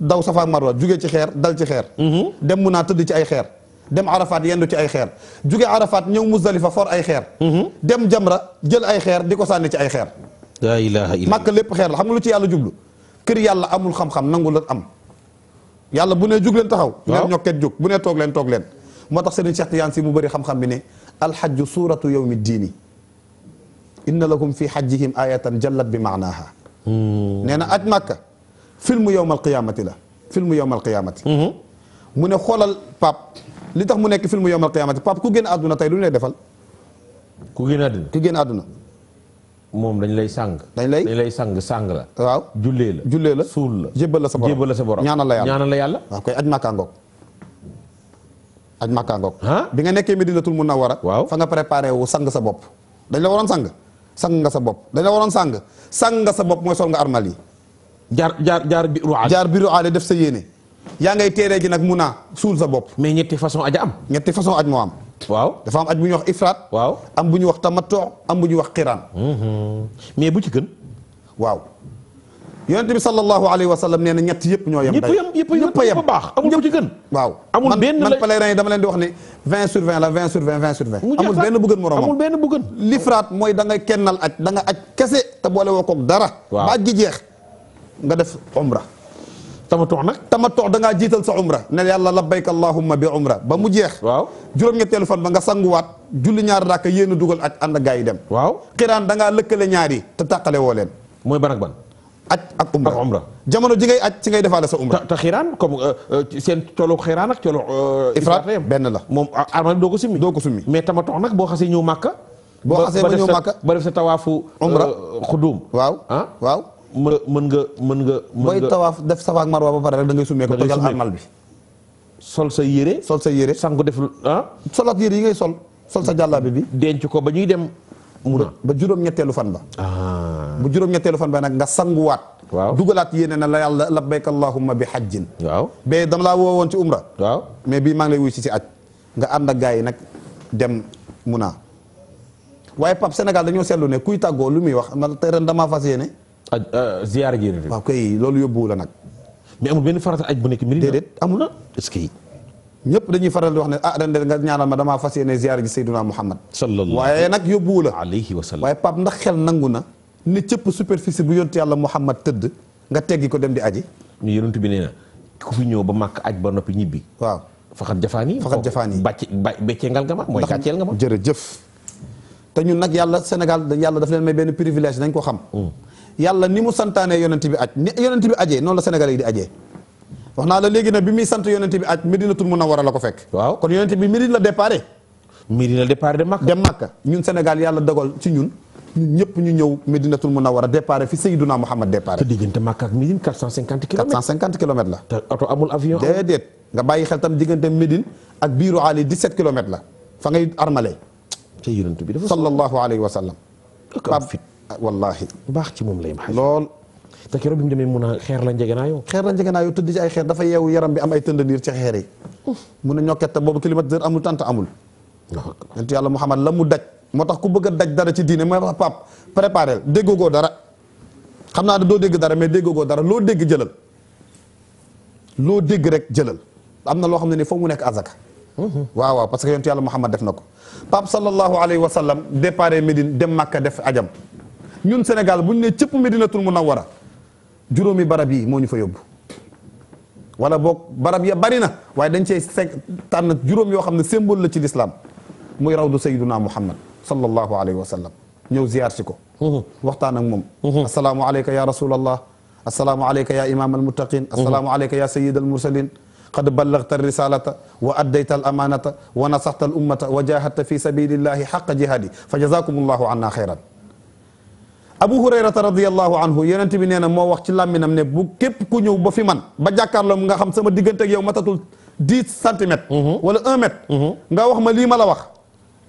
daw safa ak marwa jóge ci xeer dal ci xeer mhm. dem mun naa tëdd ci ay xeer dem Arafat yendu ci ay xeer jóge Arafat ñëw Muzdalifa for ay xeer mhm. dem Jamra jël ay xeer di ko sànni ci ay xeer la ilaaha illa màkka lépp xeer la xam nga lu ci yàlla jublu kër yàlla amul xam-xam nangu la am yàlla bu ne jug taxaw ngeen ñokket jóg bu ne toog leen toog leen moo tax Serigne Cheikh si mu bëri xam bi ne alxajju suuratu yowmi diini inna lahum fi xajjihim ayatan jallat bi maanaaha nee na aj màkka filmu yowm alqiyaamati la filmu yowm alqiyaamati mu ne xoolal pap li tax mu nekk filmu yowm alqiyaamati pap ku génn àdduna tey lu ñu lay defal ku génn àdduna ku génn àdduna moom dañ lay sàng dañ lay dañ lay sàng sàng la waaw jullee la jullee la suul la jébbal la sa borom ñaanal la yàlla ñaanal la yàlla waaw koy aj màkkaa ngoog aj Makka ngoog bi nga nekkee Medinatul Munawwara waaw fa nga préparé wu sang sa bopp dañ waroon sang sang nga sa bopp dañ la waroon sang sang nga sa bopp mooy sol nga armal jaar jaar jaar biiru aale jaar biiru aale def sa yéene yaa ngay teeree ji nag mun a suul sa bopp mais ñetti façon aj am ñetti façon aj moo am waaw dafa am aj bu wax ifraat waaw am bu ñuy wax tamattu am bu ñuy wax xiraan mhm. mais bu ci gën waaw yonent bi sallallahu alayhi wa sallam nee na ñett yëpp ñoo yem. dayu ñëpp yem ñëpp yem baax amul benn man man leen di wax ne 20 sur 20 la 20 sur 20 20 sur 20. amul benn bu gën lifraat mooy da nga kennal aj da nga kese te boole woo koog dara. waaw ba aj gi jeex nga def umra. tamatoox nag tamatoox da ngaa jiital sa umra ne yàlla labbayk allahumma bi umra ba mu jeex waaw juróom-ñetteelu fan ba nga sanguwaat julli ñaar rakka yéen a dugal ak ànd gaa yi dem waaw xiraan da ngaa lëkkale ñaari te tàqale woo leen mooy ban ak aj ak umra jamono ji ngay aj ci ngay defaale sa umra. te xiraan comme euh, euh, seen colo xiraan ak colo. Euh, ifraat benn la moom armal doo ko summi. doo ko summi mais tamatox nag boo xasee ñëw màkka. boo xasee ba ñëw màkka ba def sa tawaafu. umra xudum waaw ah? waaw. mën mën nga mën nga. mën nga booy def safa ak marwa ba pare rek da ngay summee ko tojal armal bi. sol sa yére. sol sa yére sangu def ah. solat yére yi ngay sol. sol sa jàllaabe bi. denc ko ba ñuy dem. ba juróom-ñetteelu fan ba. Ah. bu juróom-ñetteelu fan ba nag nga sanguwaat waaw dugalaat yéene na la yàlla labbayk allahumma bi hajjin waaw bee dama laa woo woon ci umra waaw mais bii maa ngi lay wuy si ci aj nga ànd ak gars yi nag dem Muna waaye Pape Sénégal ne kuy tàggoo lu muy wax man te ren damaa fas yéene aj euh, ziyaara ji waaw kay loolu yóbbuwu la nag mais amul benn farata aj bu nekk Medina déedéet amul est-ce que ñëpp dañuy faral di wax ne ah ren de nga ñaanal ma damaa fas yéene ziyaara ji Seydina Muhammad sallallahu waaye nag yóbbuwu la alayhi wa sallam waaye Pape ndax xel nangu na ne cëpp superficie bu yontu yàlla Muhammad tëdd nga teggi ko dem di aji. ñu yonent bi nee na ku fi ñëw ba màkk aj ba noppi ñibbi. waaw faxat jafaan yi. faxat jafaan yi bàcc béccengal nga ma mooy gàcceel nga ma. jëf te ñun nag yàlla Sénégal yàlla daf leen may benn privilège nañ ko xam. Mm. yàlla ni mu santaanee yonent bi aj ni yonent bi ajee noonu la Sénégal yi di ajee. wax naa la léegi nag bi muy sant yonent bi aj Medinatul Munawwara la ko fekk. waaw kon yonent bi Medina la déparé. Medina la déparé dem Makka. dem Makka ñun Sénégal yàlla dogal ci ñun ñun ñëpp ñu ñëw Medinatul Munawwara départ fi Seydouna Muhammad départ. te diggante Makka ak Médine 450 kilomètres. 450 kilomètres la. te oto amul avion. déedéet nga bàyyi xel tam diggante Médine ak biiru Ali 17 kilomètres la fa ngay armale. ca yonent bi dafa sallallahu alayhi wa ah, baax ci moom lay ma lool. te keroog bi mu demee mun a xeer la njëgënaayoo. xeer la njëgënaayoo tëdd ci ay xeer dafa yeewu yaram bi am ay tëndaniir ci xeer yi. mun a ñokkete boobu climatiseur amul tant amul. yonent yàlla la mu daj moo tax ku bëgg a daj dara ci diine mooy wax pap dégg déggogoo dara xam naa ne doo dégg dara mais déggogoo dara loo dégg jëlal loo dégg rek jëlal am na loo xam ne ni foog mu nekk azaka waaw waaw parce que yontu yàlla Muhammad def na ko pape sallallahu alayhi wa sallam dépare Médine dem Makka def ajam ñun Sénégal buñ ne cëpp Médinatul Munawwara juróomi barab yi moo ñu fa yóbbu wala boog barab ya bari na waaye dañ cey tànn juróom yoo xam ne symbole la ci lislaam muy rawdu sayyiduna Muhammad sallallahu alayhi wa sallam ñëw ziyaar si ko mhm. waxtaan ak moom mhm. asalaamu aleyka ya rasulallah asalaamu aleyka ya imam almuttaqin mhm. asalaamu aleyka ya sayid almursalin qad ballagta risalata wa addayta al amanata wa nasaxta al ummata wa jahadta fi sabilillahi xaqa jihaadi fa jazakum allahu anna xayran abu hurayrata radiallahu anhu yonent bi nee na moo wax ci làmminam ne bu képp ku ñëw ba fi man ba jàkkaarloo nga xam sama diggante ak yow matatul dix centimètres wala un mètre nga wax ma lii ma la wax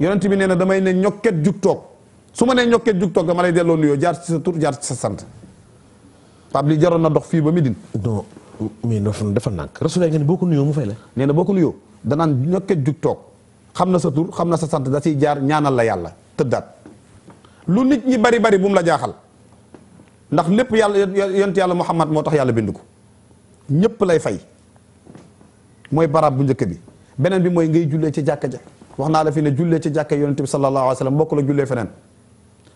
yonent bi nee na damay ne ñokket jug toog su ma nee ñokket jug toog dama lay delloo nuyoo jaar si sa jaar ci sa sant Pape li jaroon na dox fii ba Médine. non mais dafa nànk Rasulullah nga ne boo ko nuyoo mu fay la. nee na boo ko nuyoo danaan ñokket jug toog xam na sa tur xam na sa sant da ciy jaar ñaanal la yàlla tëddaat lu nit ñi bari bari bu mu la jaaxal ndax lépp yàlla yonent yàlla Muhammad moo tax yàlla bind ko ñëpp lay fay mooy barab bu njëkk bi beneen bi mooy ngay jullee ci jàkka ja wax naa la fi ne jullee ci jàkka yonent bi sallallahu alayhi wa sallam bokk la jullee feneen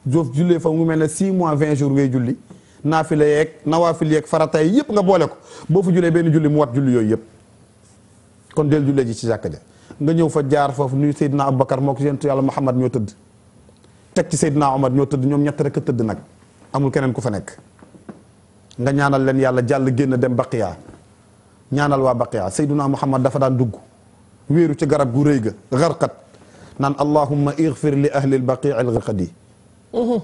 joof jullee fa mu mel ne 6 mois 20 jours ngay julli naafile yeeg nawaafil yeeg faratay yëpp nga boole ko boo fa jullee benn julli mu wat julli yooyu yëpp kon del jullee ji ci jàkka ja nga ñëw fa jaar foofu nuyu Seydina Aboubacar moo mook yonentu yàlla Muhammad ñoo tëdd teg ci Seydina Omar ñoo tëdd ñoom ñett rek tëdd nag amul keneen ku fa nekk nga ñaanal leen yàlla jàll génn dem baqiyaa ñaanal waa baqiyaa Seydina Muhammad dafa daan dugg wéeru ci garab gu rey ga xarqat naan allahumma igfir li ahli lbaqii alxarqat di mm-hmm.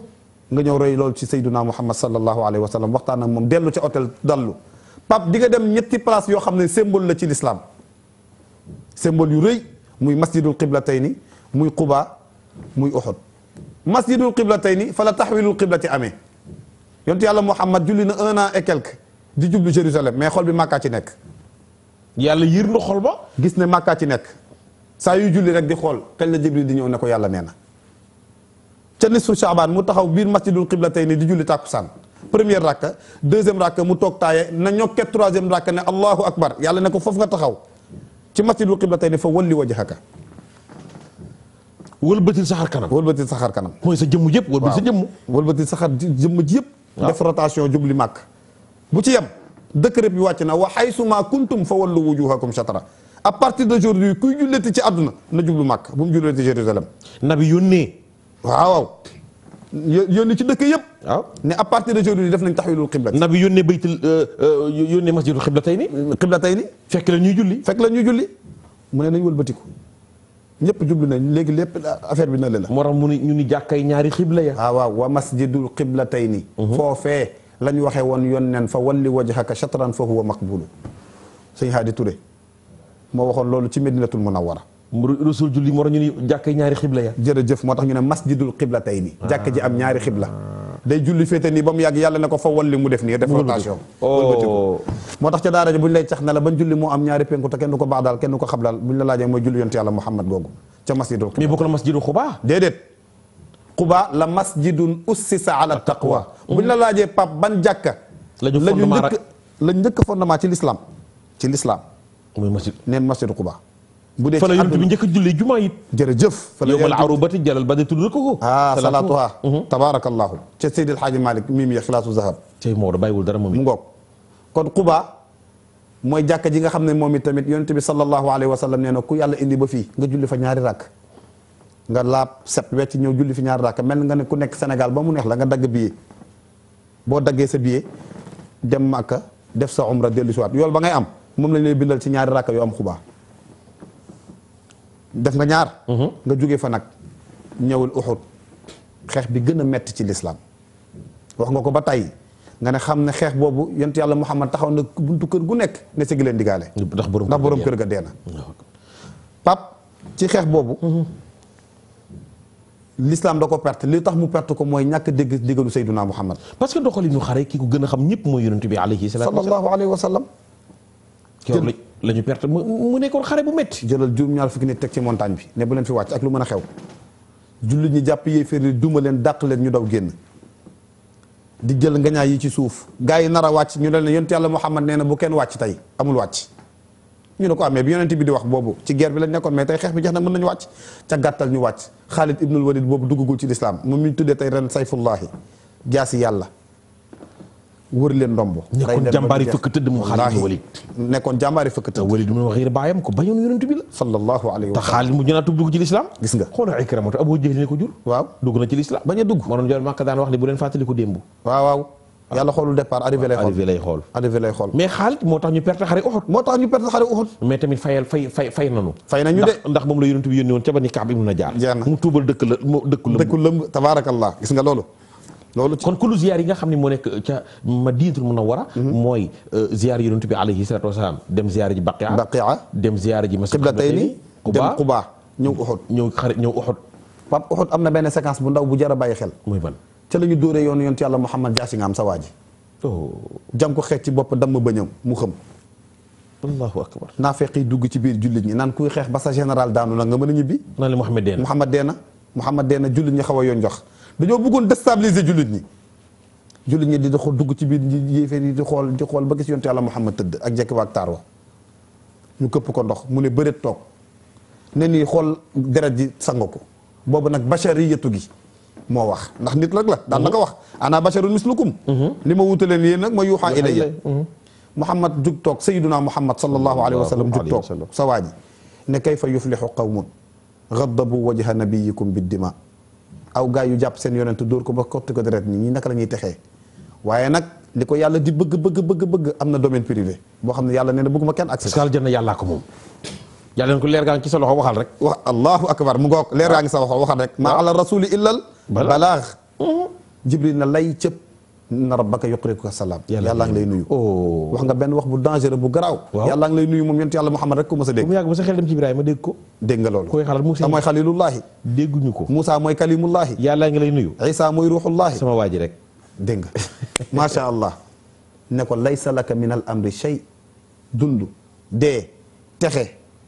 nga ñëw rey loolu ci sayduna muhammad sallallahu alayhi wa sallam waxtaan ak moom dellu ca hôtel dallu pap di nga dem ñetti place yoo xam ne symbole la ci lislaam symbole yu rëy muy masjidul qiblatayni muy quba muy uhud masjidul qiblatayni fa la taxwilul qiblati amee yontu yàlla muhammad julli na un an et quelque di jublu jérusalem mais xol bi màkkaa ci nekk yàlla yir na xool ba gis ne màkkaa ci nekk saa yu julli rek di xool kañ na jibril di ñëw ne ko yàlla nee na ca nisfu mu taxaw biir masjidul nii di julli tàkkusaan première rakka deuxième rakka mu toog taaye na ñokket troisième rakka ne allahu akbar yàlla ne ko foofu nga taxaw ci masjidul qiblatayni fa walli wajhaka wëlbatil saxar kanam wëlbatil saxaar kanam mooy sa jëmm yëpp wëlbatil sa jëmm wëlbatil saxar jëmm ji yëpp rotation jubli màkk bu ci yem décret bi wàcc na wa haythu ma kuntum fa wallu wujuhakum shatra à partir d'aujourd'hui kuy julliti ci àdduna na jublu màkk bu mu julliti Jérusalem nabi yónnee waaw waaw yónni ci dëkk yëpp waaw ne à partir d'aujourd'hui def nañ taxawilul xibla nabi yónnee baytul euh, euh, yónnee masjidul xiblatayni xiblatayni fekk la ñuy julli fekk la ñuy julli mu ne nañ wëlbatiku ñëpp jublu nañ léegi lépp affaire bi na la la moo tax mu ne ñu ni jàkkay ñaari xibla ya waaw waaw wa masjidul xiblatayni mhm. foofee lañ waxee woon yonnen fa walli wajhaka shatran fa huwa maqbulu sëñ Haadi Touré moo waxoon loolu ci medinatul munawwara rasul julli moo ñu ni jàkk ñaari xibla ya jërëjëf moo tax ñu ne masjidul xibla tey nii ah. jàkk ji nii ba mu yàgg yàlla ne ko fa walli mu def nii def rotation oh. moo tax ca daara ji bu ñu lay cax na la julli moo am ñaari penku te kenn du ko baax daal kenn ko xablaal bu ñu la laajee mooy julli yonte yàlla Muhammad googu ca masjidul xibla mais bokk Quba la masjidun ussisa ala taqwa buñ la laajee pap ban jàkka lañu njëkk lañ njëkk fondement ci l'islam ci l'islam muy masjid neen masjidu Quba bu dee fa la yonent bi njëkk julli jumaa it jërëjëf fa la yowmal arubati jalal ba di tudd ko ko ah salaatuha mhm. tabarakallahu ca Seydil Xaaji Malick mim ya xilaasu zahab tey Maodo bàyyiwul dara moom mu ngoog kon Quba mooy jàkka ji nga xam ne moom it tamit yonent bi sallallahu alayhi wa sallam nee na ku yàlla indi ba fii nga julli fa ñaari rakk nga laab set wecc ñëw julli fi ñaar raaka mel nga ne ku nekk Sénégal ba mu neex la nga dagg billet boo daggee sa billet dem Màkka def sa umra dellu si yool ba ngay am moom lañ lay bindal ci ñaari raaka yoo am xubaa def nga ñaar mhm. nga jóge fa nag ñëwul uxut xeex bi gën a mett ci lislaam wax nga ko ba tey nga ne xam ne xeex boobu yent yàlla Muhammad taxaw nag buntu kër gu nekk ne segi leen digaale ndax borom kër ga dee na pap ci xeex boobu mhm. l'islam da ko perte li tax mu perte ko mooy ñàkk dégg déggalu sayduna muhammad parce que doxalinu xare ki ko gën a xam ñëpp mooy yonent bi alayhi salaatu la ñu perte mu nekkoon xare bu métti jëlal juróom ñaar fukki nit teg ci montagne bi ne bu leen fi wàcc ak lu mën a xew jullit ñu jàpp yéeféer yi duma leen dàq leen ñu daw génn di jël ngañaay yi ci suuf gaa yi nar a wàcc ñu ne leen yonent yàlla muhammad nee na bu kenn wàcc tey amul wàcc ñu ne ko amee ah, bi yonent bi di wax boobu ci guerre bi lañ nekkoon mais tey xeex bi jeex na mën nañu wàcc ca gàttal ñu wàcc Xaalid ibnul Walid boobu duggagul ci lislaam ko bañoon yonent bi la wa sallam te Xaalid mu jënaat dugg ci lislaam gis nga xoolal Ikramatu Abu Jahl ko jur waaw dugg na ci lislaam bañ a dugg ma doon jël Makka daan wax ne bu leen fàttali ko démb waaw waaw Ah. yàlla xoolul départ arrivé lay xool arrivé lay xool arrivé lay xool mais Xaalid moo tax ñu perte xare Uhud moo tax ñu perte xare Uhud mais tamit fayal fay fay fay nañu fay nañu de ndax moom la yonent bi yónni woon ca bani Kaab ibn Najaar mu tuubal dëkk la dëkku lëmb dëkku lëmb tabaarakallah ziyaar yi nga xam ne moo nekk mhm. euh, dem ziyaar ji Baqia dem ziyaar ji Masjid Qiblatayni dem ñëw Uhud ñëw xare am na benn séquence bu ndaw bu jar a bàyyi xel muy ban ca la ñu dóoree yoon yontu yàlla Muhammad jaasi nga am sa waa ji oh. jam ko xeex ci bopp ba bëñam mu xëm allahu akbar naa feqi dugg ci biir jullit ñi naan kuy xeex ba sa général daanu nag nga mën a ñibbi naa ne Muhammad deena Muhammad deena Muhammad deena jullit ñi xaw a yoon jox dañoo bëggoon déstabiliser jullit ñi jullit ñi di doxul dugg ci biir yéeféer yi di xool di xool ba gis yontu yàlla Muhammad tëdd ak jekki waak taar wa ñu këpp ko ndox mu ne bëreet toog ne nii xool deret ji sango ko boobu nag bachari yëtu gi moo wax ndax nit rek la daan naka wax ana basharun mislukum li ma wuute leen yéen ma yuuxaa ilayya mhm. muhammad jug toog sayyiduna muhammad sallallahu alayhi wa sallam jug toog sa waa ji ne kayfa yuflihu qawmun gaddabu wajha nabiyikum biddima aw gaa yu jàpp seen yonent dóor ko ba kotti ko deret ni ñi naka la ñuy texee waaye nag li ko yàlla di bëgg bëgg bëgg bëgg am na domaine privé boo xam ne yàlla nee na bëgguma kenn accès parce que aljanna yàllaa ko moom yàlla ko leer gaa ngi ci loxo waxal rek mu ngoog leer gaa ngi balaax mhm. jibril na lay cëpp na rabbaka yuqrikuka salaam yàllaa ngi lay nuyu oh. wax nga benn wax bu dangereux bu garaaw yàllaa ngi lay nuyu moom yonent yàlla muhammad rek ko mos a dégg mu yàgg ba sa xel dem ci ibrahima dégg ko dégg nga loolu mooy xalilullaahi dégguñu ko Moussa mooy kalimullaahi yàllaa ngi lay nuyu isa mooy ruuxullaahi sama waa ji rek dégg nga macha allah ne ko laysa laka min al amri shay dund dee texe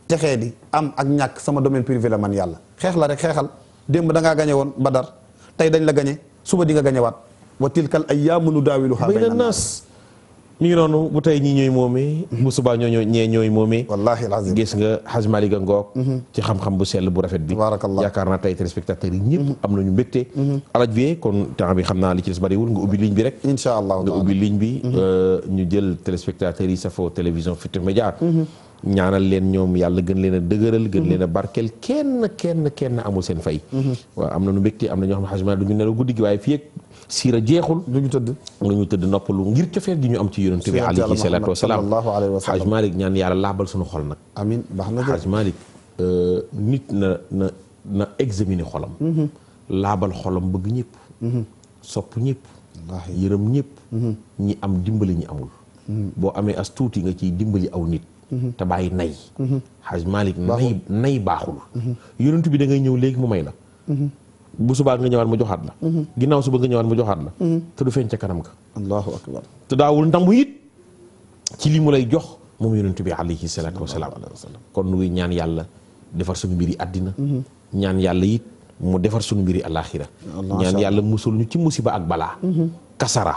texee di am ak ñàkk sama domaine privé la man yàlla xeex la rek xeexal démb da ngaa gañe woon badar tey dañ la gañe suba di nga gañewaat wa tilkal ayyaamu nudaawiluhaa bayna naas mi ngi noonu bu tey ñii ñooy moomee bu subaa ñoo ñoo ñee ñooy moomee wallaahi alazim gis nga Hadj Malick Ngoog mhm. ci xam-xam bu sell bu rafet bi baarakallah yaakaar naa tey téléspectateurs yi ñëpp mhm. am ñu mbégte mhm. alaj bi kon temps bi xam naa li ci des bariwul nga ubbi ligne bi rek incha allah nga ubbi ligne bi euh, ñu jël téléspectateurs yi safoo télévision fit Médias ñaanal leen ñoom yàlla gën leen a dëgëral gën mhm. leen a barkeel kenn kenn kenn amul seen fay mhm. waaw am na nu mbégte am na ñoo xam ne xajma du ñu nelaw guddi gi waaye fii ak siira jeexul lu ñu tëdd lu ñu tëdd noppalu ngir cofeel gi ñu am ci yonent bi alayhi salaatu wasalaam xaj Malik ñaan yàlla laabal suñu xol nag amiin baax na xaj Malik euh, nit na na na examiner mhm. laabal xolam bëgg ñëpp sopp ñëpp yërëm ñëpp ñi am dimbali ñi amul boo amee as tuuti nga ciy dimbali aw nit Mhm. te bàyyi nay mhm. xaaj Malick nay nay baaxul mhm. yonent bi da ngay ñëw léegi mu may la bu subaa nga ñëwaat mu joxaat la ginnaaw suba nga ñëwaat mu joxaat la te du feeñ ca kanam ka allahu akbar te daawul ndamu it ci li mu lay jox moom yonent bi alayhi salaatu wasalaam kon nuy ñaan yàlla defar suñu mbiri àddina ñaan yàlla it mu defar suñu mbiri alaxira ñaan yàlla musul ñu ci musiba ak balaa kasara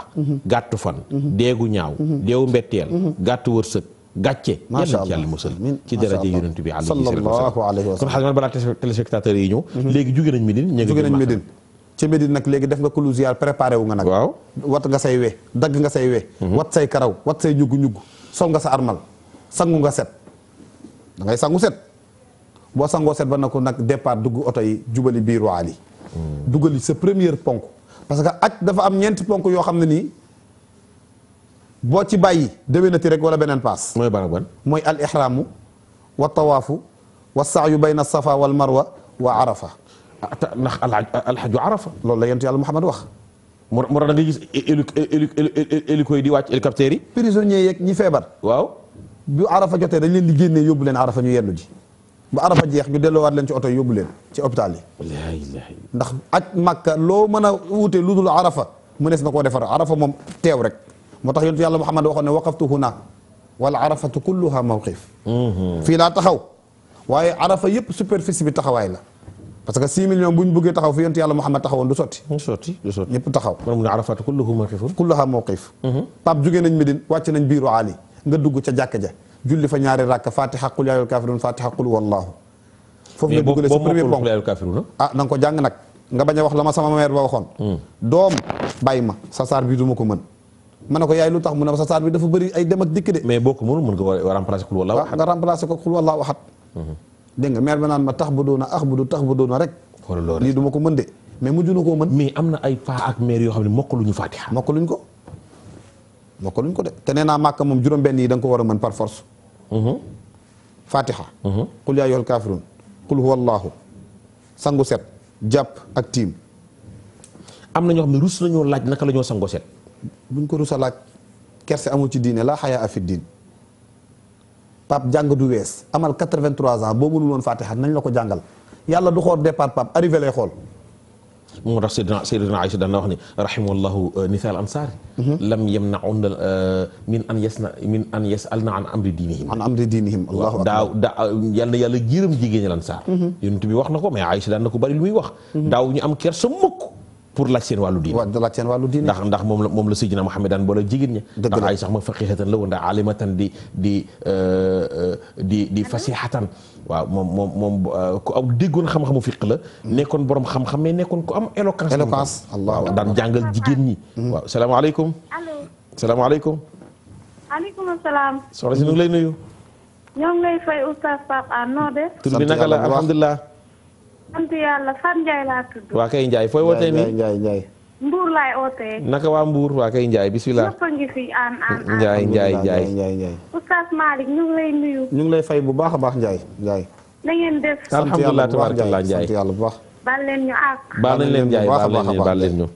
gàttu fan deegu ñaaw deewu mbetteel gàttu wërsëg gàcce yàlla ci yàlla musal ci daraja yonent bi wa sallam kon xaj man balaa téléspectateurs yi ñëw mhm. léegi jóge nañ Médine ñu nañ Médine ci Médine nag léegi def nga kulu ziar préparé nga nag waaw wat nga say we dagg nga say we mhm. wat say karaw wat say ñugg-ñugg sol nga sa armal sangu nga set da ngay sangu set boo sangoo set ba na ko nag départ dugg oto yi jubali biiru Ali mhm. duggali sa première ponk parce que aj dafa am ñeenti ponk yoo xam ne nii boo ci bàyyi déwénati rek wala beneen paas. mooy ban ak ban mooy al ihraamu wa tawaafu wa saayu bayna safa wal marwa wa arafa. Ah, ndax alxaju arafa loolu la yent yàlla Muhammad wax. mu mu da nga gis hélico yi di wàcc hélicoptère yi. prisonniers yeeg ñi feebar. waaw bu arafa jotee dañ leen di génnee yóbbu leen arafa ñu yendu ji. bu arafa jeex ñu delloowaat leen ci oto yóbbu leen ci hôpital yi. ndax aj Makka loo mën a wute lu dul arafa mënees na koo defar arafa moom teew rek. moo tax yontu yàlla Muhammad waxoon ne waqaftu huna wal arafatu kulluha mawqif mm-hmm. fii laa taxaw waaye arafa yëpp superficie bi taxawaay la parce que 6 millions bu ñu bëggee taxaw fi yontu yàlla Muhammad taxawoon du sotti du sotti du sotti ñëpp taxaw mu ne arafatu kulluha mawqif kulluha mawqif mm-hmm. pape jógee jàkk ja julli fa ñaari rakk fatiha qul yaa ayyuhal kaafiruun fatiha qul wallahu foofu nga dugalee sa ah, na nga ko jàng nag nga bañ a wax la ma sama mère ba waxoon mm. doom bàyyi ma sa saar bii du ma ko mën mane ko yaay lu tax mu a sa saar bi dafa bëri ay dem ak dikk de. mais boo ko mën nga remplacer ko wala. nga remplacer waxat. dégg nga maire naan ma tax bu doona ax bu du tax bu doona rek. lii du ma ko mën de mais mujj na koo am na ay paa ak maire yoo xam ne mokkaluñu Fatiha. mokkaluñ ko mokkaluñ ko de te naa màkk moom juróom-benn yi da nga ko war a mën par force. Mhm. Fatiha. Mhm. qul yaa ayyuhal kaafiruun qul huwallaahu sangu set jàpp ak tiim. am na ñoo xam ne rus nañoo laaj naka la ñoo sango set. buñ ko rusalaak kerse amul ci diine laa xayaa afi diin pap jàng du wees amal 83 ans boo mënul woon fatiha nañ la ko jàngal yàlla du xool départ pap arrivé lay xool moo tax saydna saydna Aïcha daan na wax ni rahimahullahu euh, nisaal ansaar mhm. lam yamnauna euh, min an yasna min an yasalna an amri diinihim an amri diinihim allahu daaw daaw yal na yàlla jërëm jigéen ñi ansaar mhm. yonent bi wax na ko mais Aïcha daan na ko bari lu muy wax mhm. daaw ñu am kersa mukk pour laaj seen wàllu diine laaj seen wàllu diine ndax ndax moom la moom la Seydina Muhammad daan boole jigéen ña ndax ay sax ma faqihatan la woon ndax alimatan di di euh, euh, di di fasihatan waaw moom moom moom euh, ku am déggoon xam-xamu fiq la hmm. nekkoon borom xam-xam mais nekkoon ku am éloquence éloquence waaw daan jàngal jigéen ñi hmm. waaw salaamaaleykum salaamaaleykum aleykum salaam soxna si ñu ngi lay nuyu ñoo ngi lay fay oustaz Pape An noo def tur bi naka la alhamdulilah sant yàlla Fatou Ndiaye laa tudd. waa kay Ndiaye fooy wootee nii Ndiaye Ndiaye Mbour laay ootee. naka ñu ngi lay nuyu. ñu lay fay bu baax a baax Ndiaye Ndiaye. na ngeen def. alhamdulilah tabarakallah Ndiaye yàlla bu baax. baal leen ñu àq. baal nañ leen Ndiaye baal nañ leen baal leen ñu.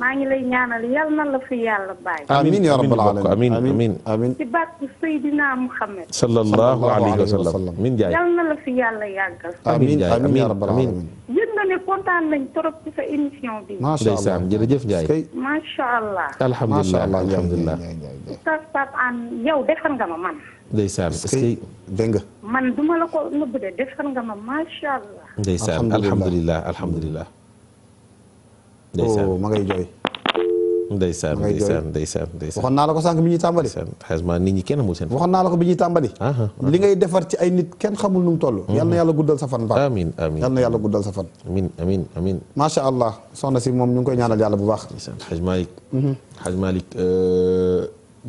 maa ngi lay ñaanal yal na la fi yàlla bàyyi. amiin yaa rabbal aalamiin amiin amiin amiin. ci barke Seydina Muhammad. sallallahu alayhi wa sallam min jaay yal na la fi yàlla yàggal. amiin amiin yaa rabbal aalamiin. yëg nga ne kontaan nañ trop ci sa émission bi. macha allah ndeysaan jërëjëf Ndiaye. macha allah. alhamdulilah alhamdulilah. Oustaz Pape Hann yow defar nga ma man. ndeysaan est-ce que dégg nga. man duma la ko nëbb de defar nga ma macha allah. ndeysaan alhamdulilah alhamdulilah. ndeysaan oh, ma ngay jooy. ndeysaan ndeysaan ndeysaan ndeysaan waxoon naa la ko sànq bi ñuy tàmbali xasma nit ñi kenn amul seen waxoon naa la ko bi ñuy tàmbali ah, ah, ah. li ngay defar ci ay nit kenn xamul nu mu toll mhm. yal na yàlla guddal sa fan ba amiin amiin yal na yàlla guddal sa fan amiin amiin amiin macha allah soxna si moom ñu ngi koy ñaanal yàlla bu baax xaj Malick mhm. xaj Malick euh,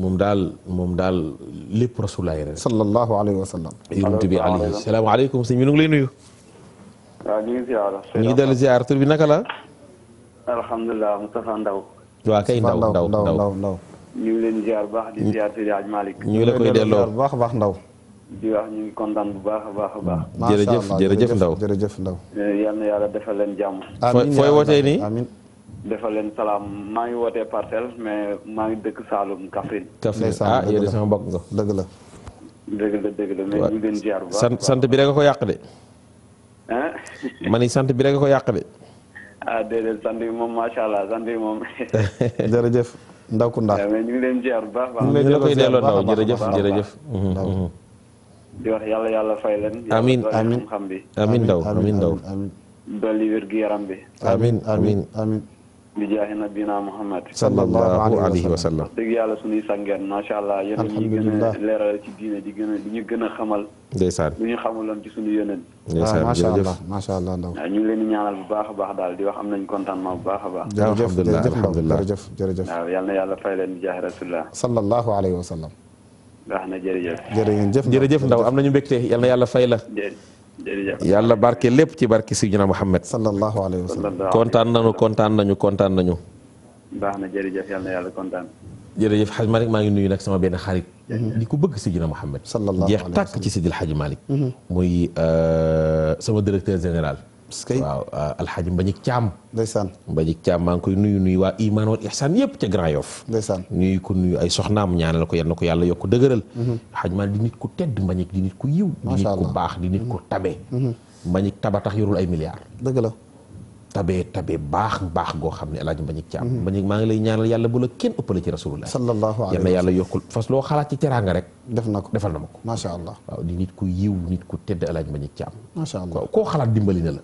moom daal moom daal lépp rasulaay rek sallallahu alayhi wa sallam yonent bi alayhi salaamaaleykum sëñ bi ñu ngi lay nuyu waaw ñu ngi ziar ñu ngi dellu ziar tur bi naka la alhamdulilah Moustapha Ndaw waa kay Ndaw Ndaw Ndaw Ndaw ñu ngi leen ziar baax di ziar Seydi Hadj Malick ñu ngi la koy delloo bu baax a baax Ndaw di wax ñu ngi kontaan bu baax a baax a baax jërëjëf jërëjëf Ndaw jërëjëf Ndaw eh, yal na yàlla defal leen jàmm fooy wootee nii amiin defal leen salaam maa ngi wootee parcelle mais maa ngi dëkk Saloum Kaffrine Kaffrine ah yéen sama mbokk nga dëgg la dëgg la dëgg la mais ñu ngi leen ziar bu baax sant bi rek nga ko yàq de eh? ma ni sant bi rek nga ko yàq de ah déedéet sant moom macha allah sant bi moom. jërëjëf Ndaw Kounda. mais ñu ngi leen ziar bu baax a baax. ndaw jërëjëf di wax yàlla yàlla fay leen. amiin amiin ndaw amiin ndaw. dolli bi. amiin amiin bi jaahi nabina Muhammad sallallahu alayhi wa sallam dëgg yàlla suñuy sangeen macha allah yéen ñi gën a leeral ci diine a di ñu gën a xamal ndeysaan lu ñu xamuloon ci suñu yeneen ndeysaan ah, macha allah macha allah ndaw ñu ngi leen di ñaanal bu baax a baax daal di wax am nañ contentement bu baax a baax alhamdulilah alhamdulilah jërëjëf jërëjëf waaw yal na yàlla a leen bi jaahi rasulillah sallallahu alayhi wa sallam baax na jërëjëf a jërëjëf ndaw am nañu yàlla barke lépp ci barke Sayyidina Muhammad sallallahu alayhi wa sallam kontaan nañu kontaan nañu kontaan nañu. baax na jërëjëf yàlla na yàlla kontaan. jërëjëf xaj Malick maa ngi nuyu nak sama benn xarit. di mhm. ko bëgg Sayyidina Muhammad. sallallahu alayhi wa sallam jeex tàkk ci Sidil Xaj Malick. Mhm. muy euh, sama directeur général. waaw euh, alxaaji Mbagnick caam ndeysaan Mbagnick Thiam maa ngi koy nuyu nuyu waa Iman wal Ihsan yëpp ca Grand Yoff ndeysaan nuyu ko nuyu ay soxnaam ñaanal ko yal na ko yàlla yokk dëgëral xaj mhm. maa di nit ku tedd Mbagnick di nit ku yiw di nit baax di nit ku mhm. tabe mhm. Mbagnick taba tax yorul ay milliards dëgg la tabe tabe baax baax goo xam ne alaaji Mbagnick Thiam Mbagnick maa ngi lay ñaanal yàlla bu kenn ëppale ci rasulullah sallallahu alayhi yal na yàlla yokkul fas loo xalaat ci teraanga rek def na ko defal na ma ko macha allah di nit ku yiw nit ku tedd alaaji Mbagnick Thiam macha allah koo xalaat dimbali na la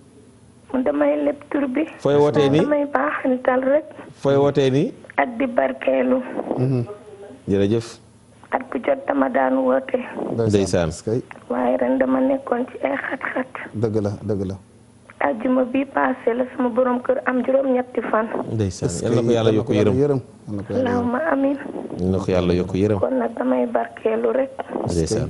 man damay leb tur bi. fooy wootee nii damay baaxantal rek. fooy wootee nii. ak di barkeelu. Mhm. jërëjëf. at bu jot dama daan woote. ndeysaan waaye ren dama nekkoon ci ay xat-xat. dëgg la dëgg la. ajjuma bi passé la sama borom kër am juróom-ñetti fan. ndeysaan yal na ko yàlla yokk yërëm allahumma amin yal na ko yàlla yokk yërëm. kon nag damay barkeelu rek. ndeysaan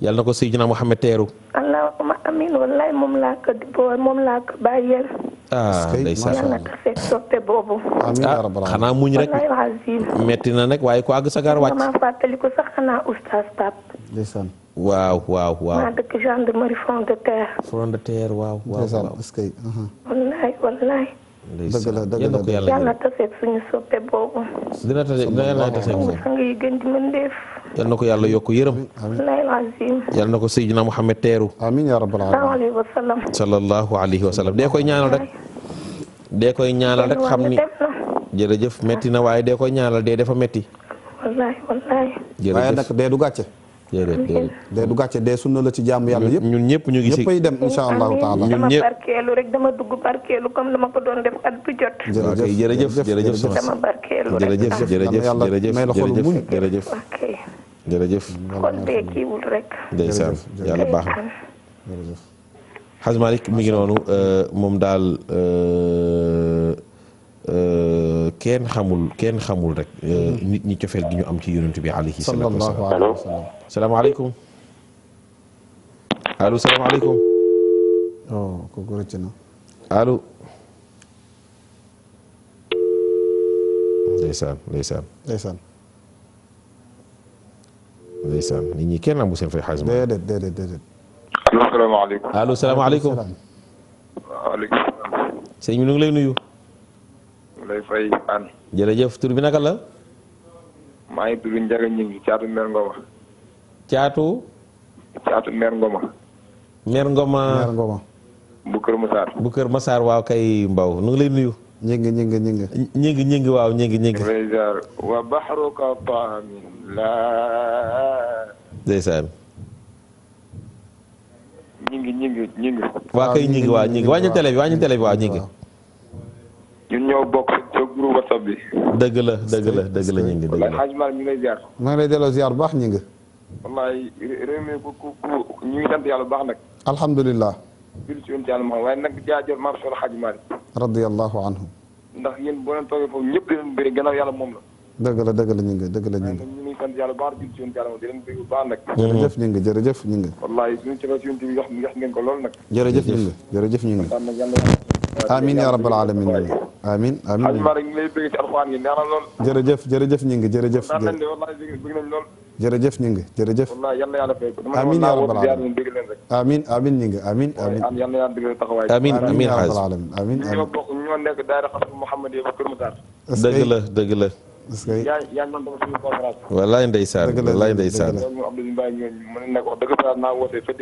yal na ko Seydina Mouhamed teeru. allahumma amin wallaay moom laa ko boor moom laa ko bàyyeel. Ah, yal na ko fekk soppe boobu. Ah, xanaa muñ rek. metti na nag waaye ku àgg sa gaar xanaa oustaz Pape. waaw waaw waaw maa dëkk gendarmerie waaw waaw waaw. parce que. Uh-huh. wallaay na ko yàlla yokk yërëm. wallaay na ko sijina Muhammad teeru. amiin yaa rabbal aalamiin. sallallahu alayhi wa dee koy ñaanal rek. dee koy ñaanal rek xam ni jërëjëf metti na waaye dee koy ñaanal dee dafa metti. wallaay wallaay. jërëjëf waaye dee du gàcce. de déedéet dee du gàcce dee sunna la ci jaamu yàlla yëpp ñun ñëpp ñu ngi si ñëppay dem insha allahu taala ñun ñëpp barkeelu rek dama dugg barkeelu comme dama ko doon def at bu jot jërëjëf jërëjëf jërëjëf soxna dama barkeelu may la xol muñ jërëjëf ok kon dee kiiwul rek ndeysaan yàlla baax na jërëjëf xaj Malick ngi noonu euh, moom daal euh, euh, kenn xamul kenn xamul rek euh, mm-hmm. nit ñi cofeel gi ñu am ci yonent bi alayhi salaatu wa salaam salaamaaleykum allo salaamaaleykum oh kooku rëcc na allo ndeysaan ndeysaan ndeysaan ndeysaan nit ñi kenn amu seen fay xaalis déedéet déedéet déedéet allo salaamaaleykum allo salaamaaleykum waaleykum salaam sëñ bi ñu ngi lay nuyu day fay an bi naka la maa ngi tudd Njaga Ñing caatu mer ngoma caatu caatu mer ngoma mer ngoma mer ngoma bu Kër Massar bu Kër Massar waaw kay mbaw nu ngi lay nuyu ñëng ñëng ñëng ñëng ñëng waaw ñëng ñëng wa bahruka taamin la ndeysaan ñëng ñëng ñëng waa kay ñëng waaw ñëng ñun ñoo bokk sa groupe WhatsApp bi. dëgg la dëgg la dëgg la ñu ngi dëgg la Hadj Malick ñu ngi lay ziar. maa ngi lay delloo ziar bu baax ñu ngi. wallaay réew mi ku ku ñu ngi sant yàlla bu baax nag. alhamdulilah. julli ci yonent yàlla ma waaye nag jaajëf maam Soxna Hadj Malick. radiyallahu anhu. ndax yéen boo leen toogee foofu ñëpp di leen bëri gannaaw yàlla moom la. dëgg la dëgg la ñu ngi dëgg la ñu ngi. ñu ngi sant yàlla bu baax julli ci yonent yàlla moom di leen bëri bu baax nag. jërëjëf ñu ngi jërëjëf ñu ngi. wallaay suñu ci yonent bi wax ngeen ko lool nag. jërëjëf ñu ngi jërëjëf ñu ngi. amiin yaa rabbal aalamiin amiin amiin Aliou Mara ñu ngi lay bëgg ci alxuraan gi neex na lool. jërëjëf jërëjëf ñu ngi jërëjëf. jërëjëf ñu ngi jërëjëf. amiin yaa rabbal aalamiin amiin amiin ñu ngi amiin amiin. amiin amiin rabbal aalamiin amiin. ñoo bokk ñoo nekk daara xam Mouhamed ba Kër Massar. dëgg la dëgg la. est-ce que yaa yaa ngi doon suñu conférence. walaay ndeysaan walaay ndeysaan. dëgg la dëgg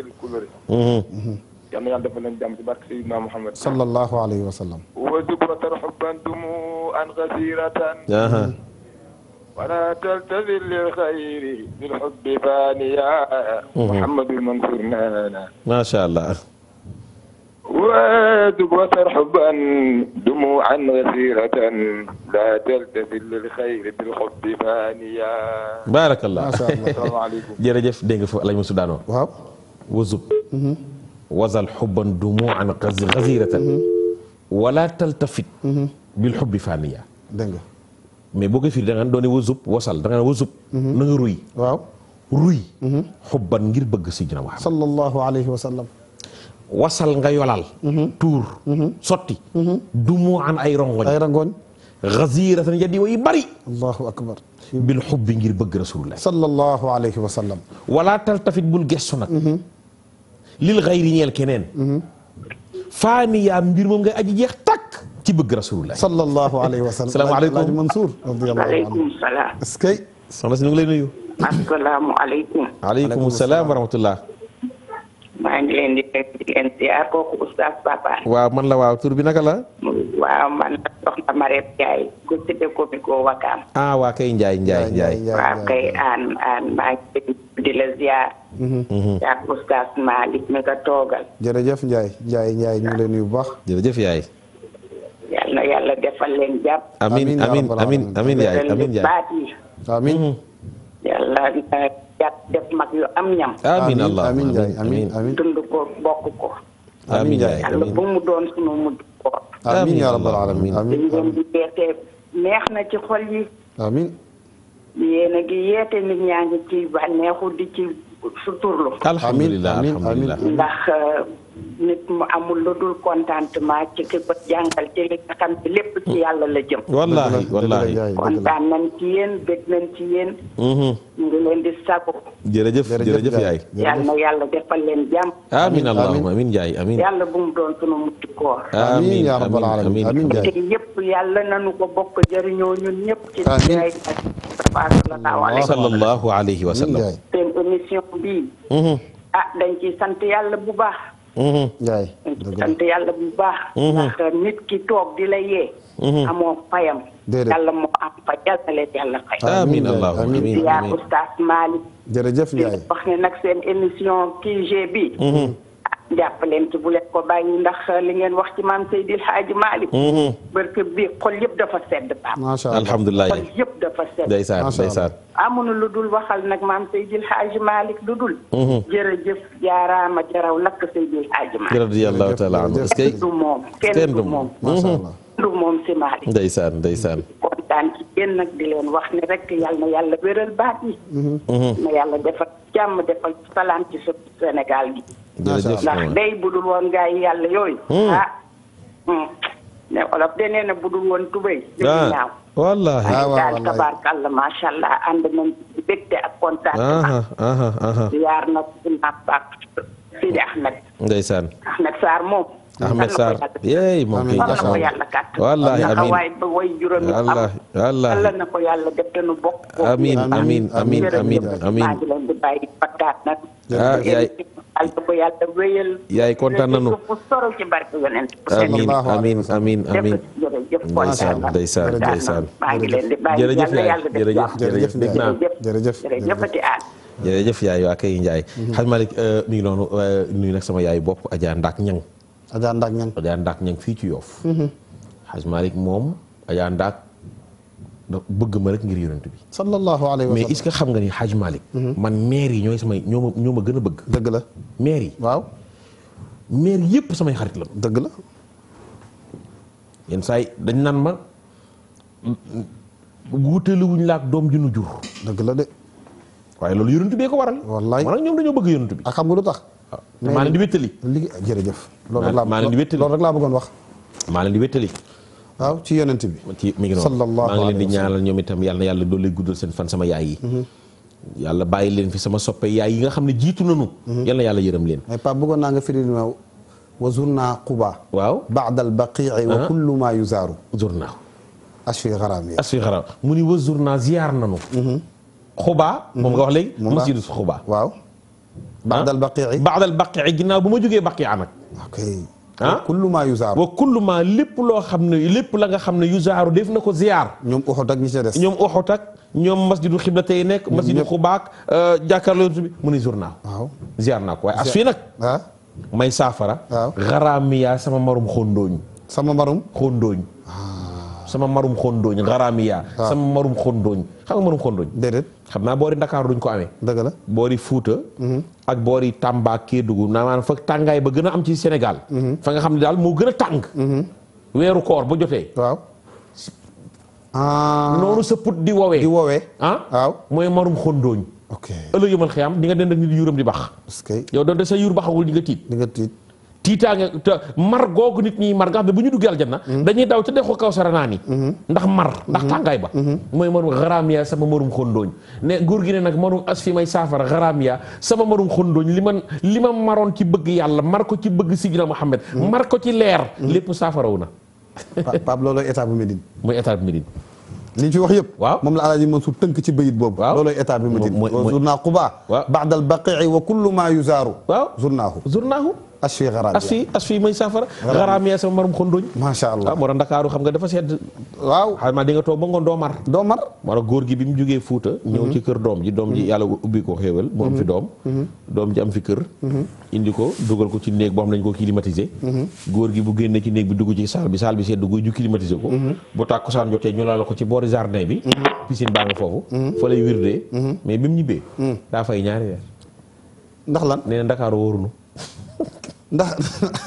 la yal na yàlla defal leen jàmm ci barke Seydina Muhammad sallallahu alayhi wa sallam wa zukratan hubban dumu an kasiratan ولا تلتذل للخير بالحب فانيا محمد المنصور نانا ما شاء الله وادب وسر حبا دموعا غسيرة لا تلتذل للخير بالحب فانيا بارك الله ما شاء الله السلام عليكم جرجف دينغ فو الله يمسو دانو واو وزب wasal xubban dumuan xasiratan mhm. wala taltafit mhm. bil xubbi faniya dégg nga mais boo koy firi da nga doone wasub wasal da nga wasub mhm. na nga ruy waaw ruy xubban ngir bëgg sidina Muhammad sallallahu alayhi wa sallam wasal nga yolal tuur sotti dumuan ay rongoñ ay rongoñ xasiratan yadi way bari allahu akbar bil xubbi ngir bëgg rasulullah sallallahu alayhi wa sallam wala taltafit bul gestu nag lil xayri ñeel keneen. Mhm. faani yaa mbir moom ngay aji jeex takk ci bëgg rasulullah. sallallahu alayhi wa sallam salaamaaleykum Mansour. waaleykum salaam. est-ce que. soxna si ñu ngi lay nuyu. asalaamualeykum. waaleykum salaam wa rahmatullah. maa ngi leen di di leen ziar kooku oustaz Papa. waaw man la waaw tur bi naka la. waaw man la soxna Marème Ndiaye. gosite komiko Wakaam. ah waa kay Ndiaye Ndiaye Ndiaye. waaw kay aan aan maa ngi di la ziar. Mm-hmm. ak oustaz Malick ne ko toogal. jërëjëf Ndiaye Ndiaye Ndiaye ñu ngi lay nuyu bu baax. yaay. yal defal leen jàpp. amiin amiin amiin amiin yaay amiin yaay amiin. Mm-hmm. Eh, yàlla jàpp yaa rabbal aalamiin amiin yeete neex na ci xol yi. amiin. yéen a yeete nit ñaa ci bànneexu di ci. suturlu. alhamdulilah alhamdulilah ndax. Euh, nit mu amul lu dul contentement ci ki ko jàngal ci li lépp ci yàlla la jëm. wallaahi wallaahi kontaan nañ ci yéen bég nañ ci yéen. Mm-hmm. ñu ngi leen di sago. jërëjëf jërëjëf yaay. yàlla na yàlla defal leen jàmm. amiin allahumma amiin jaay amiin. yàlla bu mu doon sunu mucc koor. amiin yaa rabbal alamin amiin jaay yëpp yàlla nanu ko bokk jëriñoo ñun ñëpp. ci biir ay ay. sallallahu alayhi wa sallam. seen émission bii. Mm-hmm. ah yàlla bu baax. yaay mm-hmm. sant yàlla bu baax. Mm-hmm. ndax nit ki toog di la yee. Mm-hmm. amoo fayam. déedéet yàlla moo am fa jàllale yàlla fay. amiin allahu amiin amiin yaa oustaz Malick. jërëjëf yaay wax ne nag seen émission QG bi. jàppaleen ci bu leen ko bàyyi ndax li ngeen wax ci maam Seydi El Hadji Malick. Mhm. barke bi xol yëpp dafa sedd Pape. macha allah alhamdulilah xol yëpp dafa sedd. ndeysaan ndeysaan. amuñu lu dul waxal nag maam Seydi El Hadji Malick lu dul. Mhm. jërëjëf jaaraama jaraw lakk Seydi El Hadji Malick. radiyallahu taala anhu kenn du moom kenn du moom. macha mhm. allah kenn du moom si Malick. ndeysaan ndeysaan. kontaan ci yéen nag di leen wax ne rek yal na yàlla wéral baat yi. na yàlla defal jàmm defal salaam ci Sénégal gi. jërëjëf ndax budul woon gaa yi yàlla yooyu. Hmm. ah. Hmm. ne olof de nee na budul woon tubéy. ah ñaaw wallaahi waaw ah, waaw daal yaar na ci Mbapak Sidi Ahmed. ndeysaan Ahmed Sarr moom. Ahmed Sarr yeey moom kii nga xam wallaahi amiin wallaahi wallaahi yal na ko yàlla def te nu bokk. amiin amiin amiin amiin amiin. ah yaay. yàlla yaay kontaan nañu bu soro ci barke yonent. amiin amiin amiin amiin. jërëjëf kontaan naa yaay waa kay Ndiaye. xaj Malick mi ngi noonu nag sama yaay bopp Adja Ndak Ñang. Adja Ndak Ñang Adja fii ci Yoff. xaj Malick moom Adja Ndak. da bëgg ma rek ngir yonent bi. sallallahu alayhi wa sallam mais est-ce que xam nga ni Hadj Malick. Mhm. man maire yi ñooy samay ñoo ñoo ma gën a bëgg. dëgg la maire yi. waaw maire yëpp samay xarit la. dëgg la. yenn saa dañ naan ma wuutale wuñ la ak doom ji nu jur. dëgg la de. waaye loolu yonent bee ko waral. wallaay man ak ñoom dañoo bëgg yonent bi. ak ah, xam nga lu tax. waaw ah, maa leen di wéttali. li jërëjëf. loolu rek laa bëggoon wax maa leen di wéttali. waaw ci yonent bi ci mi ngi noonu maa ngi leen di ñaanal ñoom itam yàlla yàlla doo lay guddal seen fan sama yaay yi mhm. yàlla bàyyi leen fi sama soppe yaay yi nga xam ne jiitu nañu mhm. yàlla yàlla yërëm leen ay pap bëggoon naa nga firil ma wa zurna quba waaw baadal baqii wa uh-huh. kullu ma yuzaaru zurna asfi xaraam yi asfi xaraam mu ni wa zurna ziyaar nanu xuba mhm. moom nga wax léegi masjidu xuba waaw baadal baqii baadal baqii ginnaaw bu ma jógee baqii nag ah kullu maa yuzaaru wa kullu lépp loo xam ne lépp la nga xam ne yuzaaru def na ko ziyaar ñoom uxut ak ñi ci ñoom uxut ak ñoom masjidu xibla tey nekk masjidu xubaak euh, jàkkaarloo bi mu ne journal waaw ziyaar naa ko waaye as fii nag ah? may saafara waaw xaraamiyaa sama marum xóndooñ sama marum xóndooñ ah. sama marum xondooñ xaraamiya ah. sama marum xondooñ xam nga marum xondooñ déedéet xam naa boori Ndakaar duñ ko amee dëgg la boori Fuuta mhm. ak boori Tamba Kédougou naa maanaam fa tàngaay ba gën a am ci Sénégal mhm. fa nga xam ne daal moo gën a tàng mhm. weeru koor bu jotee waaw ah. noonu sa put di woowee di woowee ah waaw mooy marum xondooñ ok ëllëg yëmal xiyam di nga dend nit yuuram di bax yow doonte sa yuur ba xawul nga tiit tiitaange mar googu nit ñi mar nga xam ne bu ñu duggee aljanna mm-hmm. dañuy daw ca dexu kaw sara naan yi mm-hmm. ndax mar ndax mm-hmm. tàngaay ba mooy marum xaraam ya sama marum xondooñ ne góor gi ne nag marum as fi may saafara xaraam ya sama marum xondooñ li ma li ma maroon ci bëgg yàlla mar ko ci bëgg sidina Muhammad mar ko ci leer lépp saafarawu na Pape loolooy état bu Médine mooy état bu Médine li ñu ci wax yëpp waaw moom la alaaji Mansour tënk ci bayit boobu looloy état bi Médine zurnaa Quba ba'da al baqi'i wa kullu ma yuzaaru waaw zurnaahu asfi xaraam asfi asfi may saafara xaraam yaa sama maram xondoñ macha allah ah, moo tax ndakaaru xam nga dafa sedd waaw xamaa di nga toog ba ngoon doo mar doo mar moo góor gi bi mu jógee fuuta ñëw ci kër doom ji doom ji yàlla ubbi ko xéewal mu am fi doom doom ji am fi kër indi ko dugal ko ci néeg boo xam ne dañ ko climatiser góor gi bu génnee ci néeg bi dugg ci saal bi saal bi sedd guy ju climatiser ko bu tàkkusaan jotee ñu laal ko ci boori jardin bi piscine baa nga foofu bi mu ñibbee daa ndax lan nee na ndakaaru ndax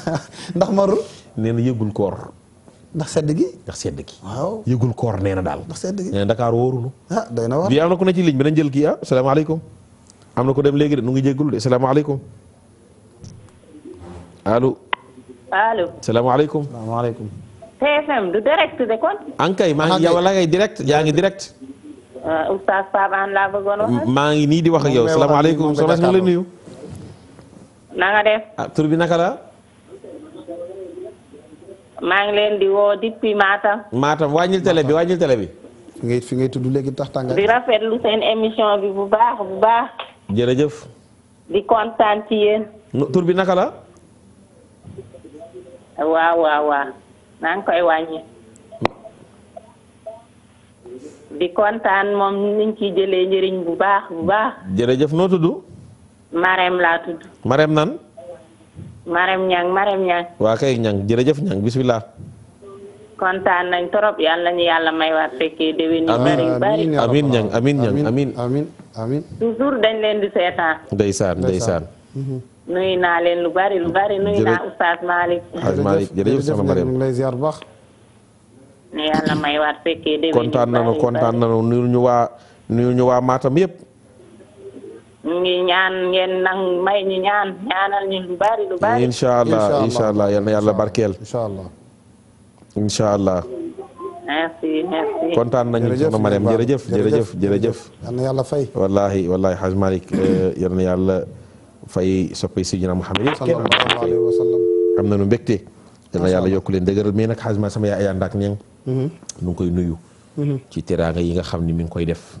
ndax Marou. nee na yëgul koor. ndax sedd gi. ndax sedd gi. waaw yëgul koor nee na daal. ndax sedd gi nee na Dakar wóorunu. ah day na waar bii am na ku ne ci ligne bi nañ jël kii ah salaamaaleykum. am na ko dem léegi de nu ngi jégalu de salaamaaleykum. allo. allo. salaamaaleykum. salaamaaleykum. TFM du direct de kon. ankay maa ngi yow la ngay direct yaa ngi direct. Euh, oustaz Pape Hann laa bëggoon wax. maa ngi nii di wax ak yow salaamaaleykum soxna si ma la nuyu. na nga def. ah bi naka la. maa ngi leen di woo depuis Matam. Matam wàññil télé bi wàññil télé bi. fi ngay fi tudd léegi tax tàngaay. di rafetlu seen émission bi bu baax bu baax. jërëjëf. di kontaan ci yéen. bi naka la. waaw waaw waaw maa ngi koy wàññi. di kontaan moom niñ ciy jëlee njëriñ bu baax bu baax. jërëjëf noo tudd. Marème laa tudd. Marème nan. Marème Niang Marème Niang. waa kay Niang jërëjëf Niang bisimilah. kontaan nañ trop yàlla ñu yàlla may waat fekkee déwén. ñu ngi lay may waat fekkee déwén. kontaan nañu kontaan ñu waa nuyu ñu yëpp. ñu ngi ñaan ngeen nang may ñu ñaan ñaanal ñu lu bari lu bari. incha allah incha allah yal na yàlla barkeel. incha allah incha allah. merci merci. kontaan nañu soxna Mariam jërëjëf jërëjëf jërëjëf. yàlla fay. wallaahi wallaahi Haj Malick eh, yal yàlla fay soppi Sidina Muhammad yëpp kenn am nañu mbégte. yal na yàlla yokk leen dëgëral mais nag Haj Malick sama yaay Ayandaak Niang. Mm-hmm. koy nuyu. Mm-hmm. ci teraanga yi nga xam ni mi ngi koy def.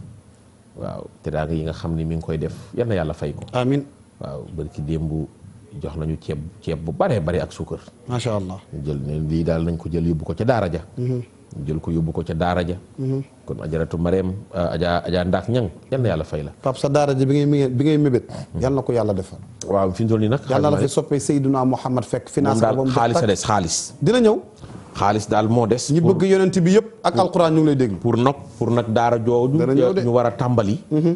waaw te teraanga yi nga xam ni mi ngi koy def yal na yàlla fay ko. amiin waaw barki démb jox nañu ceeb ceeb bu baree bare ak suukar. macha allah ñu jël ne lii daal nañ ko jël yóbbu ko ca daara ja. Mhm. jël ko yóbbu ko ca daara ja. Mhm. kon ajaratu mareem ah, ajaa ajaa ndaak ñang yal na yàlla fay la. pap sa daara ja bi ngay bi ngay mébét. Mhm. yal na ko yàlla defal. waaw fi mu toll nii nag. yàlla la fi soppee Seydina Muhammad fekk. finance ko ba mu xaalis a des xaalis. dina ñëw. xaalis daal moo des. ñi bëgg yonent bi yëpp ak alquran ñu ngi lay dégg. pour nag pour nag daara jooju. ñu war a tàmbali. Mhm.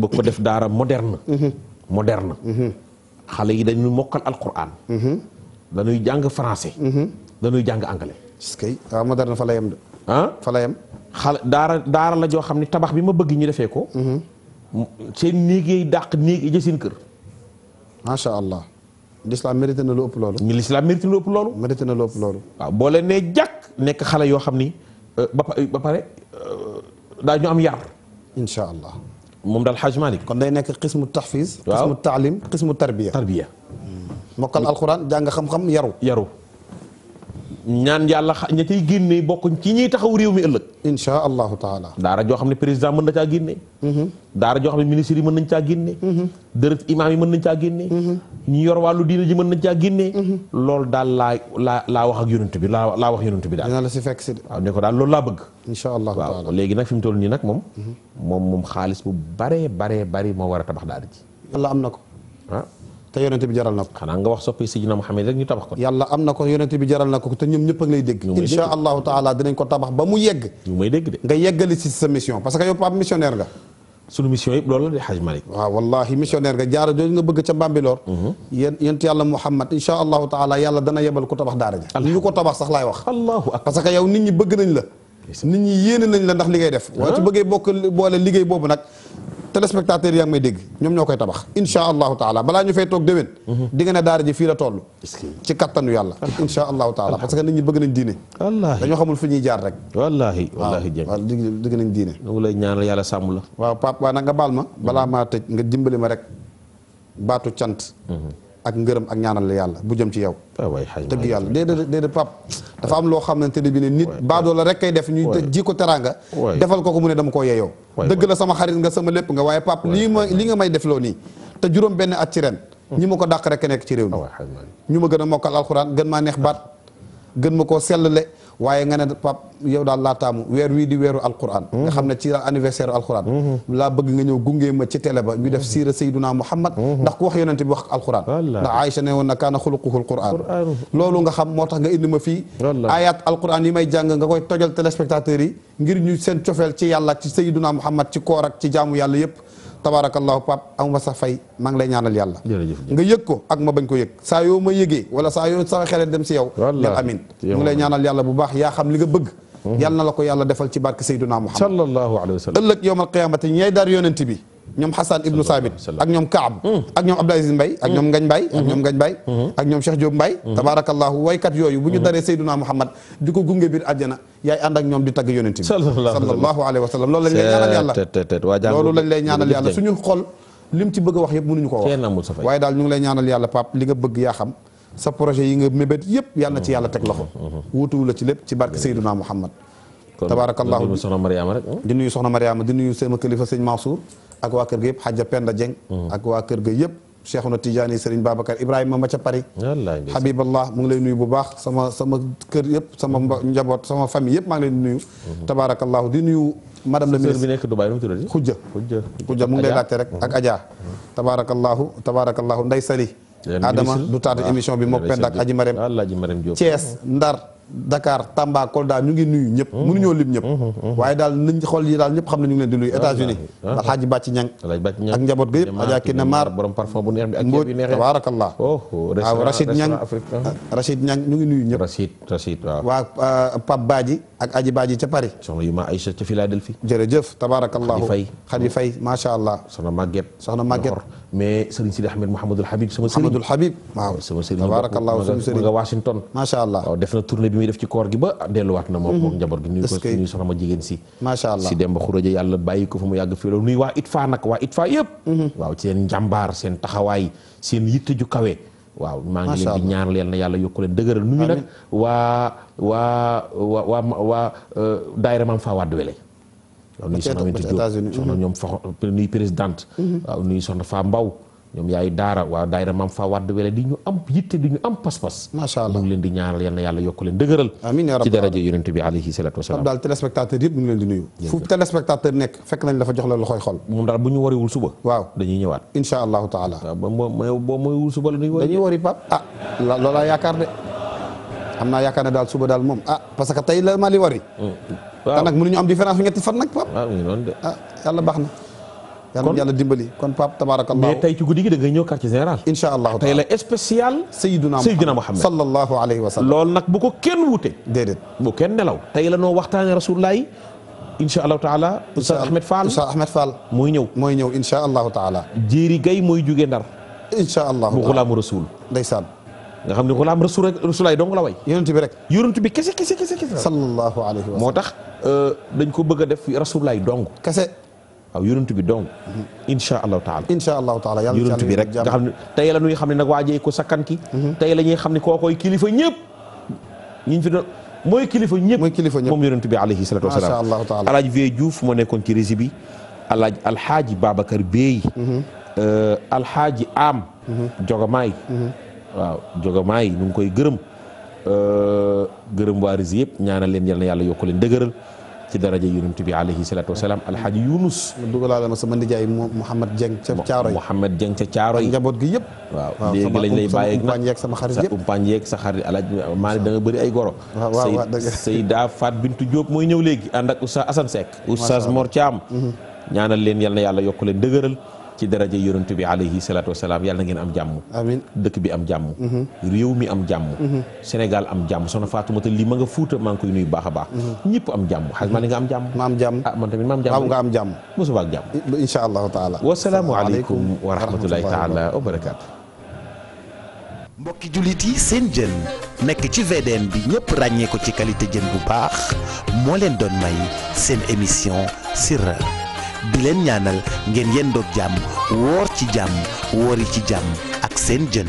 bëgg ko def daara moderne. Mhm. moderne. Mhm. xale yi dañuy mokkal alquran. dañuy jàng français. dañuy jàng anglais. est-ce que waaw ah, moderne fa la yem de. ah fa la yem. xale daara daara la joo xam ne tabax bi ma bëgg ñu defee ko. seen néeg dàq néeg yi kër. macha allah. l'islam mérité na lu ëpp loolu l'islam mérité na lu ëpp loolu mérité na lu ëpp loolu waaw boo leen nee jàkk nekk xale yoo xam ni euh, ba ba pare euh, daa ñu am yar insha allah moom daal xaaj Malick kon day nekk xismu taxfiis xismu taalim xismu tarbiya tarbiya hmm. mokkal alquran jàng xam-xam yaru yaru ñaan yàlla ña cay génnee bokkuñ ci ñiy taxaw réew mi ëllëg insha allahu taala daara joo xam ne président mën na caa génne mm-hmm. daara joo xam ne ministre yi mën nañ caa génne mm-hmm. dërët imaam yi mën nañ caa génne mm-hmm. ñu yor wàllu diina ji mën nañ caa génne loolu daal laa laa laa wax ak yonent bi laa laa wax yonent bi daal dina la si fekk ko daal loolu laa bëgg insha allahu taala waaw mu toll nii nag moom moom moom xaalis bu bare baree bari moo war a tabax daara ji yàlla am na ko ah te yonente bi jaral na ko xanaa nga wax soppi Sidina Muhammad rek ñu tabax ko yàlla am na ko yonente bi jaral na ko te ñoom ñëpp lay dégg insha allahu taala dinañ ñu la di Hajj Malick waaw wallahi missionnaire nga mhm. ko tabax daara wax parce que yow nit ñi bëgg nañ la nit ñi yéene nañ la ndax li def ah. waaye su bëggee bokk boole liggéey boobu nag téléspectateurs yaa ngi may dégg ñoom ñoo koy tabax insha allahu taala balaa ñu fay toog déwén mhm. di nga ne daara ji fii la toll ci kattanu yàlla insha allahu taala parce que nit ñi bëgg nañ diine wallaahi xamul fu ñuy jaar rek wallaahi wallaahi jëng waaw dëgg nañ diine ngi lay ñaanal yàlla sàmm la waaw pap waa nag nga baal ma mhm. balaa maa tëj nga dimbali ma rek baatu cant mhm. ak ngërëm ak ñaanal la yàlla bu jëm ci yow ah, dëgg yàlla déedéet déedéet pap dafa am loo xamante ne bi ne nit baadoo la rek kay def ñuy ji ko teraanga defal ko ko mu ne dama koo yeyoo dëgg la sama xarit nga sama lépp nga waaye pap lii ma li nga may def loo nii te juróom benn at ci ren hmm. ñi ma ko dàq rek nekk ci réew mi ah, ñu ma gën a mokkal alxuraan gën maa neex baat gën ma koo sellale waaye nga ne pap yow daal laa taamu weer wii di weeru alquran mm-hmm. nga xam ne ci anniversaire alquran mm-hmm. laa bëgg nga ñëw gungee ma ci télé ba ñu def mm-hmm. siira sayduna muhammad ndax ku wax yonente bi wax alquran ndax aïcha ne woon na kaana xuluquhu alquran loolu nga xam moo tax nga indi ma fii ayat alquran yi may jàng nga koy tojal téléspectateurs yi ngir ñu seen cofeel ci yàlla ci sayduna muhammad ci koor ak ci jaamu yàlla yëpp tabaarakallaahu pap amuma sax fay maa ngi lay ñaanal yàlla nga yëg ko ak ma bañ ko yëg saa yoo ma yëgee wala saa yoo sama xeleen dem si yow nel amin mu lay ñaanal yàlla bu baax yaa xam li nga bëgg Mhm. yal na la ko yàlla defal ci barke Seydina Muhammad sallallahu alayhi ëllëg yowmal qiyaamati ñay dar yonent bi ñoom Xasan ibnu Saabit ak ñoom Kaab mhm. ak ñoom Abdou Aziz Mbaye ak ñoom Ngañ Mbaye ak ñoom Ngañ Mbaye mhm. ak tabarakallahu waykat yooyu bu ñu daree Seydina Muhammad di ko gunge biir àjjana yaay ànd ak ñoom di tagg yonent bi loolu lañ lay ñaanal yàlla loolu lañ xol lim ci bëgg a wax yëpp mënuñu ko wax waaye daal ñu ngi lay ñaanal yàlla pap li nga bëgg yaa xam sa projet yi nga mébét yëpp yàlla na ci yàlla teg loxo mm-hmm. mm-hmm. wutuwu la ci lépp ci barke Seydina Muhammad tabarakallahu di nuyu soxna Mariama rek ah? di nuyu soxna Mariama di nuyu sama kilifa sëñ Mansour ak waa kër ga yëpp Hadja Penda Dieng mm-hmm. ak waa kër ga yëpp Cheikhuna Tidiane Serigne Babacar Ibrahima ma ca Paris Habiballah mu ngi lay nuyu bu baax sama sama kër yëpp sama njaboot sama famille yëpp maa ngi lay nuyu tabarakallahu di nuyu madame la ministre bi nekk Dubaï nu mu tuddati xujja xujja mu ngi lay laajte rek ak Adja Adama du taata émission bi moo pend ak aji marem Thiès Ndar Dakar Tamba Kolda ñu ngi nuyu ñëpp mënuñoo lim ñëpp waaye daal nañ xool yi daal ñëpp xam ne ñu ngi di nuyu ah, États-Unis alxaaji bàcc ñang ak njaboot ga yëpp ajaa ki ne maar borom parfum bu neex bi ak mbóoj tabaarakallah waaw Rachid ñang Rachid ñang ñu ngi nuyu ñëpp Rachid Rachid waaw waa euh, Pape Badji ak aji baaji ca Paris. soxna Yuma Aïcha ca Philadelphie. jërëjëf tabaarakallahu Khady Faye Khady Faye macha allah. soxna Maguette. soxna Maguette mais Serigne Sidi Ahmed Mouhamadul Habib. sama Serigne Mouhamadul Habib waaw. sama Serigne tabaarakallahu sama Washington. macha allah waaw def na tournée bi muy def ci koor gi ba delluwaat na moom. Mhm. moom njaboot gi nuyu ko si. macha allah si Demba Khuraja ko fa mu yàgg fii loolu nuyu waa ITFA nag waa ITFA yëpp. Mhm. waaw seen njàmbaar seen taxawaay seen yitte ju kawe. waaw maa ngi leen di ñaanal yàlla yokku leen dëgëral nu ñu nag waa waa waa waa waa euh, daayira maam faa wàdd wele waaw nuyu soxna Aminata mhm. ñoom fax nuyu présidente mhm. waaw nuyu soxna faa mbaw ñoom yaayu daara waaw daayira maam fa wadd wele di ñu am yitte di ñu am pas-pas macha allah mu na yàlla yokk leen dëgëral ci daraja yonent bi alayhi salaatu wasalaam xam ah, naa yaakaar ne daal suba daal moom ah parce que tey la ma li wari hmm. te nag mënuñu am différence bu ñetti fan nag pap ah, ah yàlla baax na yàlla yàlla dimbali kon Pape tabarakallah mais tey ci guddi gi da ngay ñëw quartier général incha allahu tey la spécial sayyiduna sayyiduna Muhammad sallallahu alayhi wa sallam loolu nag bu ko kenn wuute déedéet bu kenn nelaw tey la noo waxtaane rasulullah yi incha allahu taala Oustaz Ahmed Fall Oustaz Ahmed Fall mooy ñëw mooy ñëw allah allahu taala jéeri gay mooy jóge ndar incha allahu bu xulaamu rasul ndeysaan nga xam ne xulaam rasul rek rasulaay dong la way yonent bi rek yonent bi kese kese kese kese sallallahu moo tax euh, dañ ko bëgg a def rasulaay dong kese waaw yonent bi donc insha allahu taala insha allahu taala yàlla yonent bi rek nga xam ne tey la ñuy xam ne nag waajee ko sakkan ki mhm. tey la xam ne kookoy kilifa ñëpp ñiñ mooy kilifa ñëpp mooy kilifa ñëpp moom yonent bi alayhi salatu wasalaam insha allahu taala alaaj Vieux Diouf moo nekkoon ci rési bi alaaj alxaaji Babacar Bey mhm. euh, alxaaji am mhm. jogamaay waaw jogamaay ñu ngi koy gërëm euh, gërëm waa rési yëpp ñaanal leen yal yàlla yokku leen dëgëral ci daraja yonent bi alayhi salaatu wasalaam alxaaji yunus dugalaale ma sama nijaay Mouhamed Dieng ca Caaroy Mouhamed Dieng ca Caaroy njaboot gi yëpp waaw léegi lañ lay bàyyeeg nag sama xarit yëpp sa umpaañ yeeg sa xarit alaaj maa ne da nga bëri ay goro Seyda faat Bintu Diop mooy ñëw léegi ànd ak Oustaz Assane Seck Oustaz Mor Thiam mhm. ñaanal leen yal na yàlla yokk leen dëgëral ci daraja yonent bi alayhi salaatu wasalaam yàlla na ngeen am jàmm dëkk bi am jàmm mhm. réew mi am jàmm mhm. Sénégal am jàmm soxna Fatoumata lii ma nga fuuta maa ngi koy nuyu baax a baax mhm. ñëpp am jàmm xaj maa ni nga am jàmm ma am jàmm ah man tamit ma am jàmm nga am jàmm mosuba ak jàmm insha allahu taala wasalaamu aleykum wa rahmatullahi taala wa barakaatu mbokki jullit yi seen jën nekk ci VDN bi ñëpp ràññee ko ci qualité jën bu baax moo leen doon may seen émission Sirr di leen ñaanal ngeen yendoog jàmm woor ci jàmm woori ci jàmm ak seen jën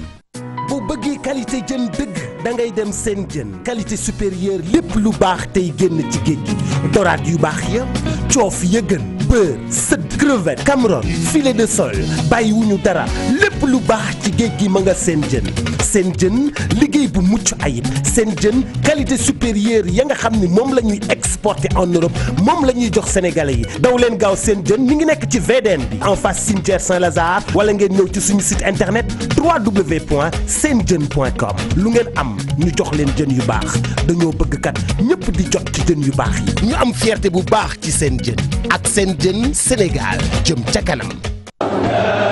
boo bëggee qualité jën dëgg da ngay dem seen jën qualité supérieure lépp lu baax tey génn ci géej gi doraat yu baax ya coof ya gën beurre sëdd crevette cameron filet de wu ñu dara lépp lu baax ci géej gi ma nga seen jën seen jën liggéey bu mucc ayib seen jën qualité supérieure ya nga xam ni moom la ñuy exporté en Europe moom la ñuy jox sénégalais yi daw leen gaaw seen jën mi ngi nekk ci VDN bi en face cimetière Saint-Lazare wala ngeen ñëw ci suñu site internet seen www.senjën.com lu ngeen am ñu jox leen jën yu baax dañoo bëgg kat ñëpp di jot ci jën yu baax yi ñu am fierté bu baax ci seen jën jën Sénégal jëm ca kanam